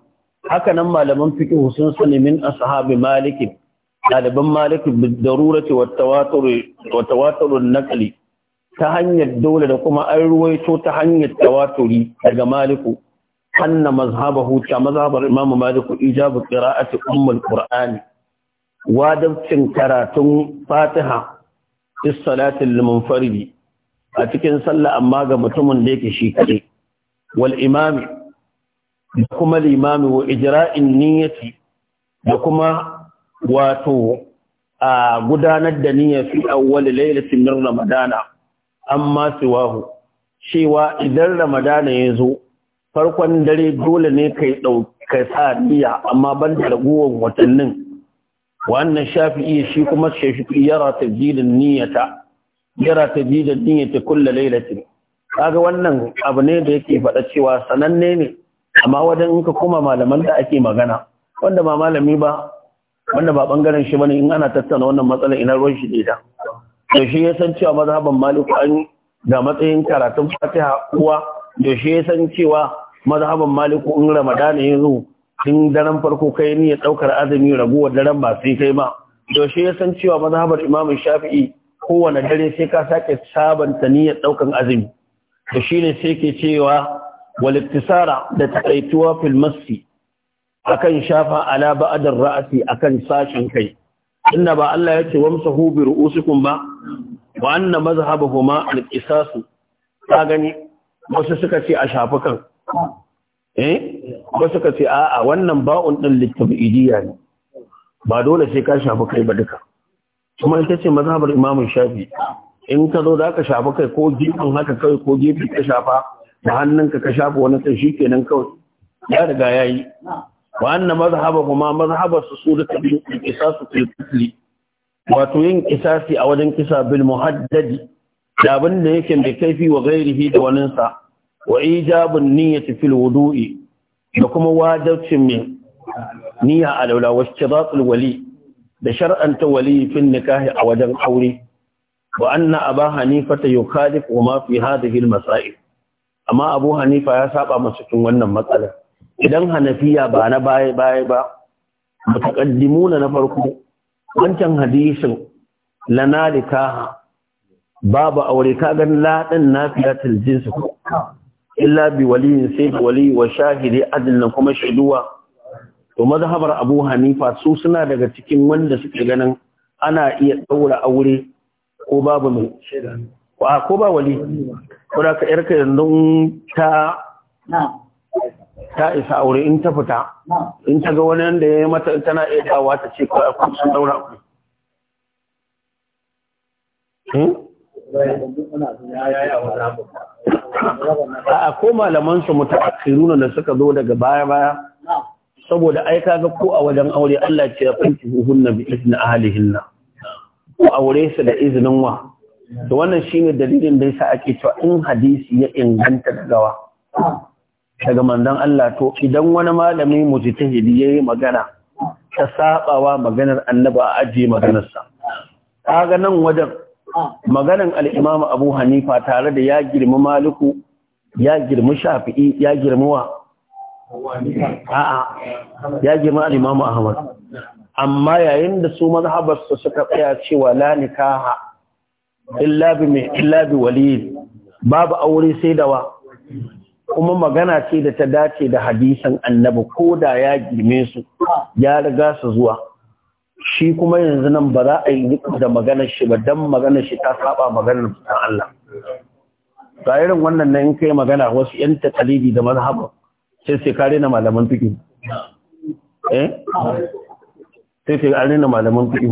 haka nan malaman fiqh sun sani min ashabi malikin, ɗaliban malikin da wa wa tawatarun nakali ta hanyar dole da kuma an ruwaito ta hanyar tawaturi daga maliku hanna mazhabahu ta mazhabar imamu maliku ijabu qira'ati ummul qur'ani wajabcin karatun fatiha fi salatin farbi a cikin sallah amma ga mutumin da yake shi kaɗai wal imami da kuma limami wa ijra'in niyyati da kuma wato a gudanar da niyyar fi awwal lailatin min ramadana amma siwahu cewa idan ramadana ya zo farkon dare dole ne kai dauka sa niyya amma ban da ragowar watannin wannan shafi'i shi kuma shafi'i yara tabdilin niyyata yara tabdilin niyyata kullu lailatin kaga wannan abu ne da yake faɗa cewa sananne ne amma wajen in ka koma malaman da ake magana wanda ba malami ba wanda ba bangaren shi bane in ana tattauna wannan matsalar ina ruwan shi da to shi ya san cewa mazhaban maliku an ga matsayin karatun fatiha uwa da shi ya san cewa mazhaban maliku in ramadana ya zo tun daren farko kai ni ya daukar azumi raguwar daren ba sai kai ma yaushe ya san cewa mazhabar imamu shafi'i kowane dare sai ka sake sabanta niyyar daukan azumi to shine sai ke cewa wal iktisara da taƙaituwa fil akan shafa ala ba'dar ra'si akan sashen kai inna ba Allah ya yace wamsahu bi ru'usikum ba wa anna mazhabahuma al-qisas ka gani wasu suka ce a shafukan. eh kuma suka ce a'a wannan ba'un din littabi'iyya ne ba dole sai ka shafi kai ba duka kuma ita ce mazhabar imamun shafi in ka zo za ka shafi kai ko gefen haka kawai ko gefe ka shafa da hannunka ka shafa wani kai shi kenan kawai ya riga ya yi wa anna mazhaba kuma mazhabar su su da tabin kisasu fil qatli wato yin kisasi a wajen kisa bil muhaddadi da abin da yake mai kaifi wa gairihi da waninsa wa ijabun niyyati fil wudu'i da kuma wajibin min niyya alawla wa ishtiratul wali da shar'anta wali fil nikahi a wajen aure wa anna aba ta yukhalifu ma fi hadhihi al masail amma abu hanifa ya saba masa cikin wannan matsalar idan hanafiya ba na baya baya ba mutaqaddimuna na farko wancan hadisin lana likaha. babu aure ka kagan laɗin nafiyatul jinsi ko illa bi waliyin sai bi wali wa shahidi na kuma shaiduwa to mazhabar abu hanifa su suna daga cikin wanda suke ganin ana iya daura aure ko babu mai a ko ba wali ko da ka yarka yanzu ta ta isa aure in ta fita in ta ga wani wanda ya yi mata tana iya dawa ta ce ko ku sun ɗaura aure hmm? a ko malaman su mutaakhiruna da suka zo daga baya baya saboda ai ga ko a wajen aure Allah ce ya fanki hunna bi izni ahlihinna ko aure su da izinin wa to wannan shine dalilin da yasa ake cewa in hadisi ya inganta gawa daga manzon Allah to idan wani malami mujtahidi yayi magana ta sabawa maganar annaba a ajiye maganarsa kaga nan wajen maganan al'imam abu hanifa tare da ya girma maluku ya girma shafi'i ya girma ya girma al'imam ahmad amma yayin da su mazhabarsu suka tsaya cewa la nikaha illa bi mai babu aure sai da wa kuma magana ce da ta dace da hadisan annabi ko da ya girme su ya riga su zuwa shi kuma yanzu nan ba za a yi da maganar shi ba don maganar shi ta saba maganar mutan Allah. Ga irin wannan nan in kai magana wasu ‘yan tattalibi da mazhaba sai sai kare na malaman fiƙi. Eh? Sai sai kare na malaman fiƙi.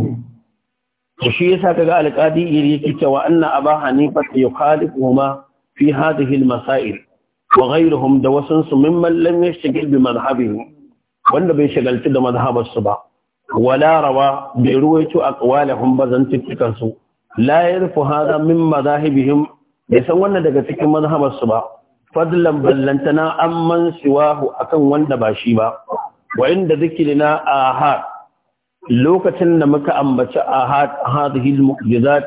To shi yasa kaga alƙadi iri yake cewa anna aba hanifa yukhalifuhuma fi hadhihi al-masail wa ghayruhum da su mimman lam yashtagil bi madhhabihi wanda bai shagalci da mazhabarsu ba. wala rawa bai ruwaito a kawalahun bazan su la yarfu min bai san wannan daga cikin mazhabarsu ba fadlan ballantana amman siwahu akan wanda ba shi ba wa inda zikrina ahad lokacin da muka ambaci ahad hadhihi almu'jizat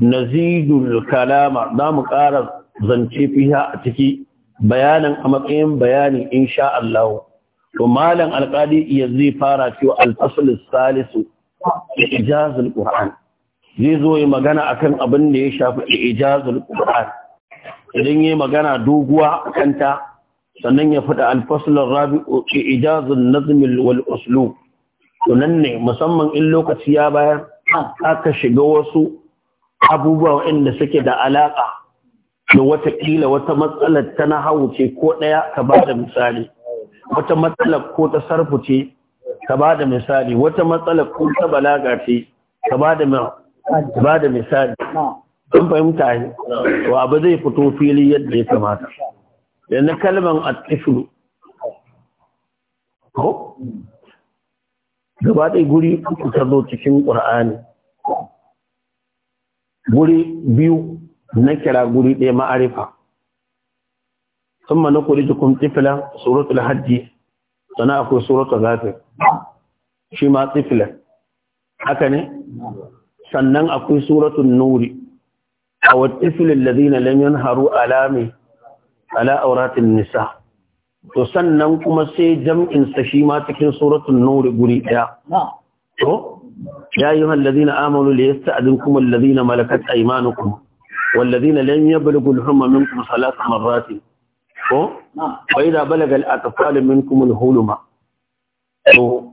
nazidul kalama za mu ƙara zance fiha a ciki bayanan a matsayin bayani insha Allah to malam alƙali iya zai fara cewa alfasul salisu ijazul ƙur'an zai zo yi magana akan abin da ya shafi ijazul ƙur'an idan yayi magana doguwa akan ta sannan ya fada alfasul rabi'u ijazul nazm wal uslub to nan ne musamman in lokaci ya bayar aka shiga wasu abubuwa waɗanda suke da alaƙa da watakila wata matsalar ta na ce ko ɗaya ka ba da misali wata matsala ko ta sarfu ce ka ba da misali wata matsala ko ta balaga ce ka ba da misali an fahimta ne to abu zai fito fili yadda ya kamata yanzu kalman atiflu ko gaba ɗaya guri ku ta zo cikin ƙur'ani guri biyu na kira guri ɗaya ma'arifa ثم نخرجكم طفلا سورة الحج sana akwai surata zafir shi ma tsifilan haka ne sannan akwai suratun nuri a wattifilin Ladina lamyan haru alami ala auratin nisa to sannan kuma sai jam'insa shi ma cikin suratun nuri guri ɗaya to ya yi hallazina amalu da ya sta'adin kuma lazina malakat aimanukum wallazina lam yablughu al-humma minkum salasa marratin ko wa idza balaga al-atfal minkum al-huluma to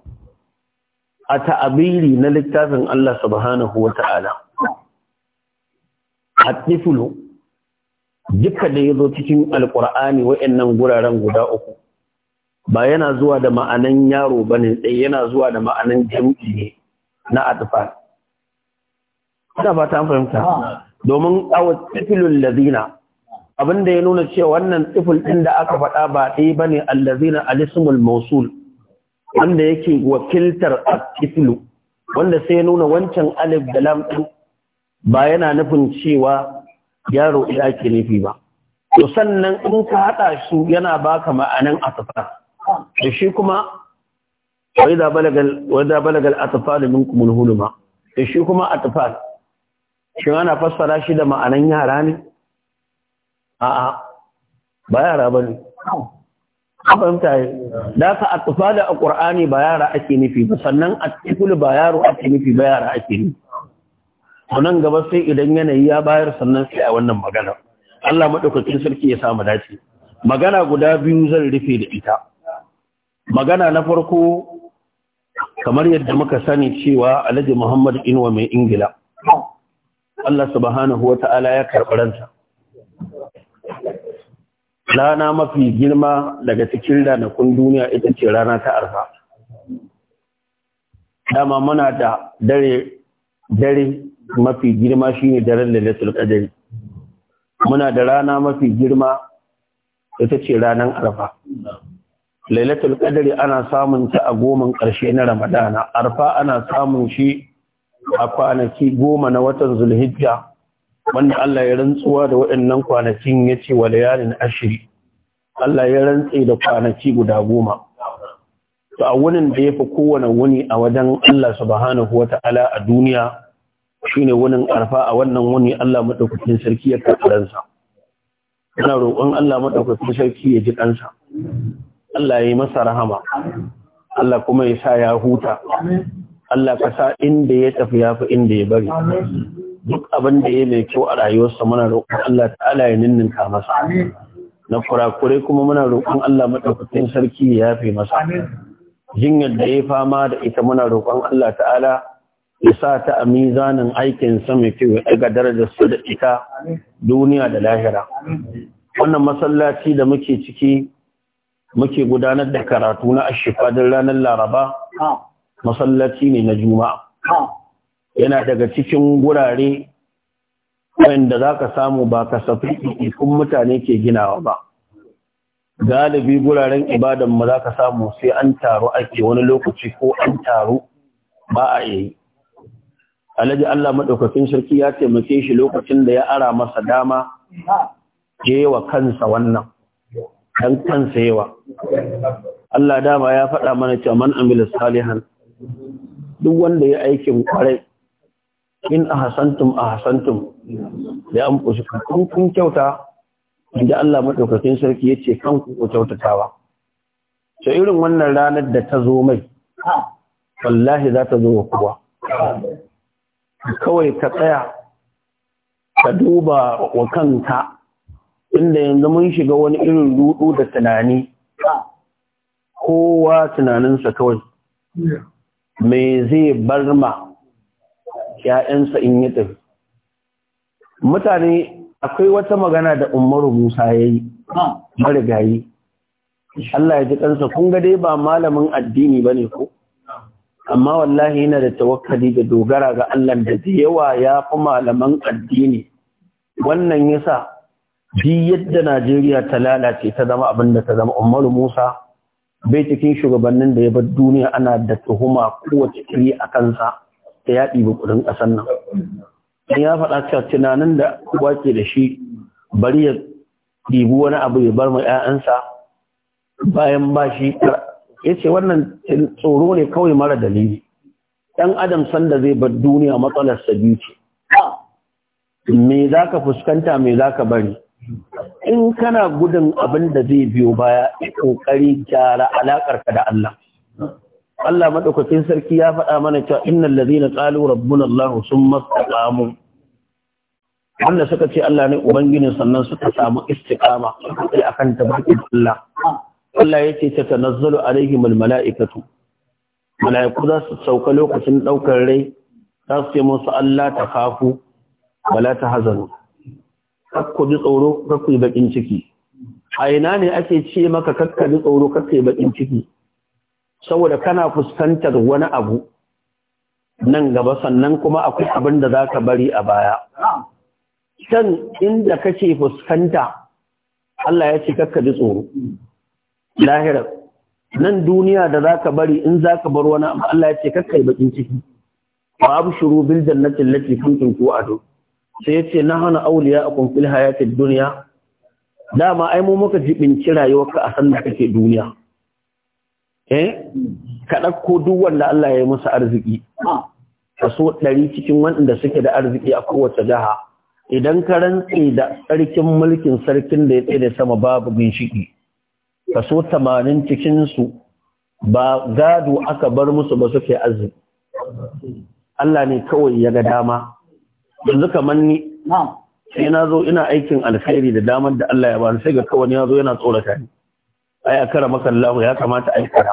a ta'abiri na littafin Allah subhanahu wa ta'ala a duka da yazo cikin alqur'ani wayannan guraren guda uku ba yana zuwa da ma'anan yaro bane dai yana zuwa da ma'anan jami'i ne na atfal ina fata an fahimta domin awat ladina abin da ya nuna cewa wannan tsifil ɗin da aka faɗa ba ɗaya ba ne allazina alismul mausul wanda yake wakiltar atifilu wanda sai ya nuna wancan alif da lam ɗin ba yana nufin cewa yaro ila ake nufi ba to sannan in ka haɗa su yana baka ma'anan asfar da shi kuma وإذا بلغ وإذا بلغ الأطفال منكم Da shi kuma atfal shi ana fassara shi da ma'anan yara ne a'a ba yara ba ne fahimta yi da ka a tufa da a ƙur'ani ba yara ake nufi ba sannan a tikulu ba yaro ake nufi ba yara ake nufi nan gaba sai idan yanayi ya bayar sannan sai a wannan magana Allah maɗaukakin sarki ya samu dace magana guda biyu zan rufe da ita magana na farko kamar yadda muka sani cewa alhaji muhammad inuwa mai ingila Allah subhanahu wa ta'ala ya karɓi ransa rana mafi girma daga cikin ranakun duniya ita ce rana ta arfa dama muna da dare dare mafi girma shine daren lailatul qadr muna da rana mafi girma ita ce ranar arfa lailatul qadr ana samun ta a goman ƙarshe na ramadana arfa ana samun shi a kwanaki goma na watan zulhijja wanda Allah ya rantsuwa da waɗannan kwanakin ya ce wa layalin ashiri Allah ya rantse da kwanaki guda goma to a wunin da ya fi kowane wuni a wajen Allah subhanahu wa ta'ala a duniya shine wunin arfa a wannan wuni Allah madaukakin sarki ya karɓi ina roƙon Allah madaukakin sarki ya ji kansa Allah ya yi masa rahama Allah kuma ya sa ya huta Allah ka sa inda ya tafi ya fi inda ya bari duk abin da ya mai kyau a rayuwarsa muna roƙon Allah ta'ala ya ninninka masa na kurakure kuma muna roƙon Allah madaukakin sarki ya yafe masa jinyar da ya fama da ita muna roƙon Allah ta'ala ya sa ta a mizanin aikin sa mai kyau ya ɗaga darajar su da ita duniya da lahira wannan masallaci da muke ciki muke gudanar da karatu na ashifa don ranar laraba masallaci ne na juma'a yana daga cikin gurare wanda za ka samu ba kasafin ikon mutane ke ginawa ba galibi guraren ibadan ma za ka samu sai an taru ake wani lokaci ko an taru ba a yi alhaji allah maɗaukakin sarki ya taimake shi lokacin da ya ara masa dama je wa kansa wannan dan kansa yawa allah dama ya faɗa mana cewa man amila salihan duk wanda ya aikin kwarai in ahsantum ahsantum da an kushi kun kun kyauta inda Allah madaukakin sarki yace kan ku kyautatawa to irin wannan ranar da ta zo mai wallahi za ta zo wa kowa kawai ka tsaya ka duba wa kanka inda yanzu mun shiga wani irin rudu da tunani kowa tunaninsa kawai me zai bar ma ‘ya'yansa in yi tafi. Mutane akwai wata magana da Umaru Musa ya yi, marigayi. Allah ya ji ɗansa, kun ga dai ba malamin addini ba ne ko? Amma wallahi yana da tawakkali da dogara ga Allah da da yawa ya fi malaman addini. Wannan ya sa, bi yadda Najeriya ta lalace ta zama abin da ta zama Umaru Musa bai cikin shugabannin da ya bar duniya ana da tuhuma kowace kiri a kansa. da ya ɗiba kudin ƙasar nan in ya faɗa cewa tunanin da kowa ke da shi bari ya ɗibi wani abu ya bar ma 'ya'yansa bayan ba shi ya ce wannan tsoro ne kawai mara dalili Yan adam sanda zai bar duniya matsalar biyu ce me za ka fuskanta me za ka bari in kana gudun abin da zai biyo baya ƙoƙari gyara alaƙarka da Allah Allah madaukakin sarki ya faɗa mana cewa innal ladhina qalu rabbuna Allah summa istaqamu wanda suka ce Allah ne ubangijin sannan suka samu istiqama sai akan tabbacin Allah Allah yace ta tanazzalu alaihim almalaikatu malaiku za su sauka lokacin daukar rai za su ce musu Allah ta kafu wala ta hazanu kakku ji tsoro kakku yi bakin ciki a ina ne ake ce maka kakka ji tsoro kakka yi bakin ciki saboda kana fuskantar wani abu nan gaba sannan kuma akwai abin da za ka bari a baya. Can inda kake fuskanta, Allah ya ce kakka ji tsoro. Lahirar, nan duniya da za ka bari in za ka bar wani abu Allah ya ce kakka yi bakin ciki. Ba abu shuru bil jannatin lati kuntum a ado. Sai ya ce na hana auliya a kumfil hayatin duniya. Dama ai mu muka kirayewa ka a sanda kake duniya. eh ka ɗauko duk wanda Allah ya yi musu arziki kaso ɗari cikin waɗanda suke da arziki a kowace jiha idan ka rantse da sarkin mulkin sarkin da ya tsaye da sama babu ginshiki kaso tamanin cikinsu ba gado aka bar musu ba suke arziki Allah ne kawai ya ga dama yanzu kamar ni sai na zo ina aikin alkhairi da damar da Allah ya bani sai ga kawai ya zo yana tsorata ni ai akara maka Allah ya kamata a yi kara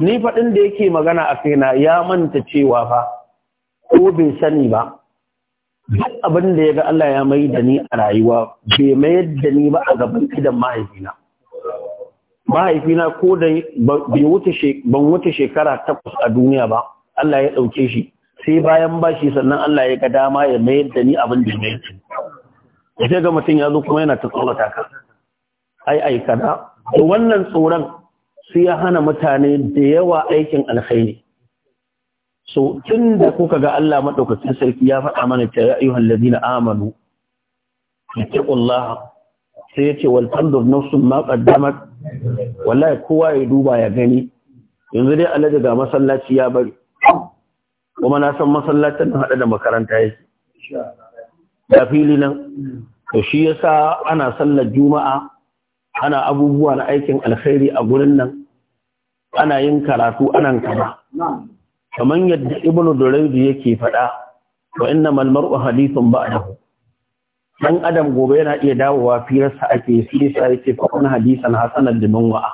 ni faɗin da yake magana a kaina ya manta cewa fa ko bai sani ba duk abin da ya ga Allah ya mai da ni a rayuwa bai mayar da ni ba a gaban idan mahaifina mahaifina ko da ban wuce shekara takwas a duniya ba Allah ya ɗauke shi sai bayan bashi sannan Allah ya ga dama ya mayar da ni abin da ya mayar da ni. Ya ga mutum ya zo kuma yana ta tsorata ka. Ai ai kada da wannan tsoron su ya hana mutane da yawa aikin alkhairi so tun da kuka ga Allah maɗaukacin sarki ya faɗa mana ta ya ayyuhal ladina amanu ittaqullaha sai yace wal tanzur nafsun ma qaddamat wallahi kowa ya duba ya gani yanzu dai Allah daga masallaci ya bari kuma na san masallacin nan hada da makaranta yake da fili nan to shi yasa ana sallar juma'a ana abubuwa na aikin alkhairi a gurin nan ana yin karatu ana kama kamar yadda ibnu Duraidu yake faɗa wa innamal mar'u hadithun ba'dahu dan adam gobe yana iya dawowa firarsa ake shi sai yake fa kun hadisan hasanan liman wa'a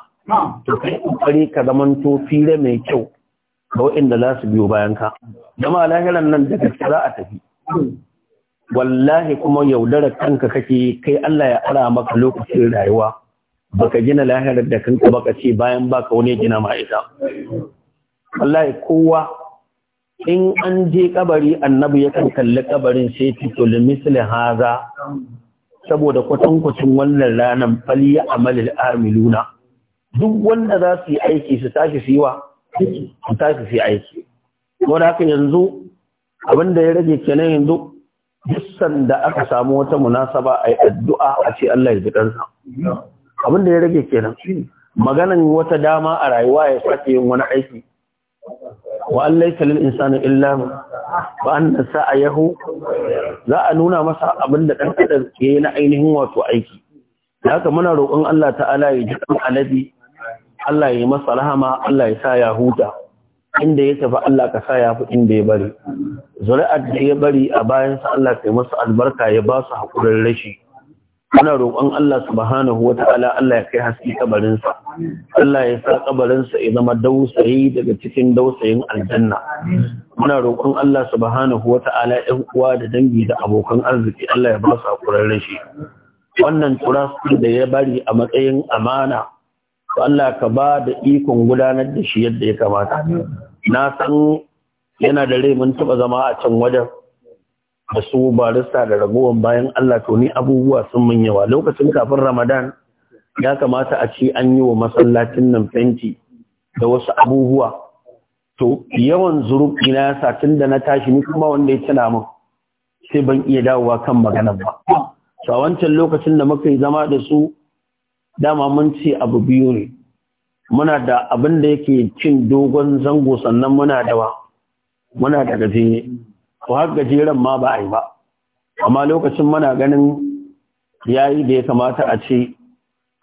to kai kokari ka zamanto fira mai kyau ga inda za su biyo bayan ka jama'a lahiran nan da gaske za a tafi wallahi kuma yaudarar kanka kake kai Allah ya ara maka lokacin rayuwa baka gina lahirar da kanka baka ce bayan baka wani gina ma ita wallahi kowa in an je kabari annabi yakan kalli kabarin sai fito limisli haza saboda kwatankwacin wannan ranar fali ya amalil armiluna duk wanda za su yi aiki su tashi su yi wa su tashi su yi aiki wanda haka yanzu abinda ya rage kenan yanzu duk sanda aka samu wata munasaba a yi addu'a a ce Allah ya ji abin da ya rage kenan maganan wata dama a rayuwa ya sake yin wani aiki wa an laisa lil insani illa ba an sa'ayahu za a nuna masa abin da dan adam na ainihin wato aiki haka muna roƙon Allah ta'ala ya ji dan alabi Allah ya masa rahama Allah ya sa ya huta inda ya tafi Allah ka sa ya fi inda ya bari zuri'ar da ya bari a bayansa Allah ka yi masa albarka ya ba su haƙurin rashi Muna roƙon Allah subhanahu wa ta'ala Allah ya kai haske kabarinsa Allah ya sa kabarinsa ya zama dausayi daga cikin dausayin aljanna muna roƙon Allah subhanahu wa ta'ala uwa da dangi da abokan arziki Allah ya ba su haƙurar rashi wannan turas da ya bari a matsayin amana to Allah ka ba da ikon gudanar da shi yadda ya kamata na san yana da rai mun taba zama a can wajen da su barista da ragowar bayan Allah to ni abubuwa sun mun yawa lokacin kafin Ramadan ya kamata a ce an yi wa masallacin nan fenti da wasu abubuwa to yawan zurub ina yasa tun da na tashi ni kuma wanda ya tana min sai ban iya dawowa kan maganar ba to a wancan lokacin da muka yi zama da su dama mun ce abu biyu ne muna da abin da yake cin dogon zango sannan muna da wa muna da gajere ko har gajeren ma ba a yi ba amma lokacin mana ganin yayi da ya kamata a ce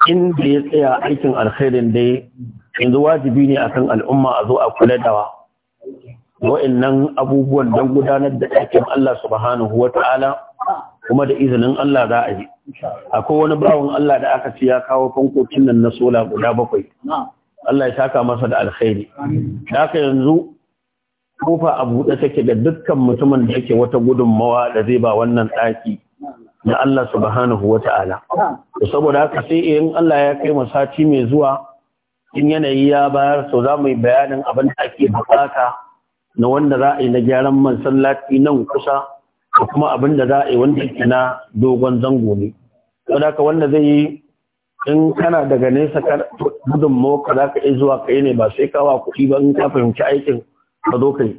inda ya tsaya aikin alkhairin dai yanzu wajibi ne akan al'umma a zo a kula da wa wa'annan abubuwan don gudanar da aikin Allah subhanahu wata'ala kuma da izinin Allah za a yi akwai wani bawan Allah da aka ci ya kawo fankokin nan na sola guda bakwai Allah ya saka masa da alkhairi da haka yanzu kofa a buɗe take da dukkan mutumin da yake wata gudunmawa da zai ba wannan ɗaki na Allah subhanahu wa ta'ala. Saboda haka sai in Allah ya kai mu sati mai zuwa in yanayi ya bayar so za mu yi bayanin abin da ake bukata na wanda za a yi na gyaran masallaci nan kusa da kuma abin da za a yi wanda yake na dogon zango ne. Saboda haka wanda zai yi in kana daga nesa gudunmawa ka za ka iya zuwa ka yi ne ba sai kawa kuɗi ba in ka fahimci aikin ka zo kai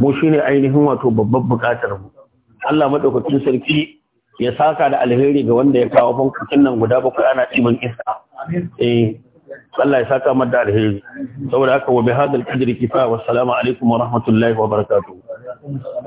mu shine ainihin wato babbar bukatar mu Allah madaukakin sarki ya saka da alheri ga wanda ya kawo fankokin nan guda bakwai ana cimin isa eh Allah ya saka da alheri saboda haka wa bihadal qadri kifaya wassalamu alaikum wa rahmatullahi wa barakatuh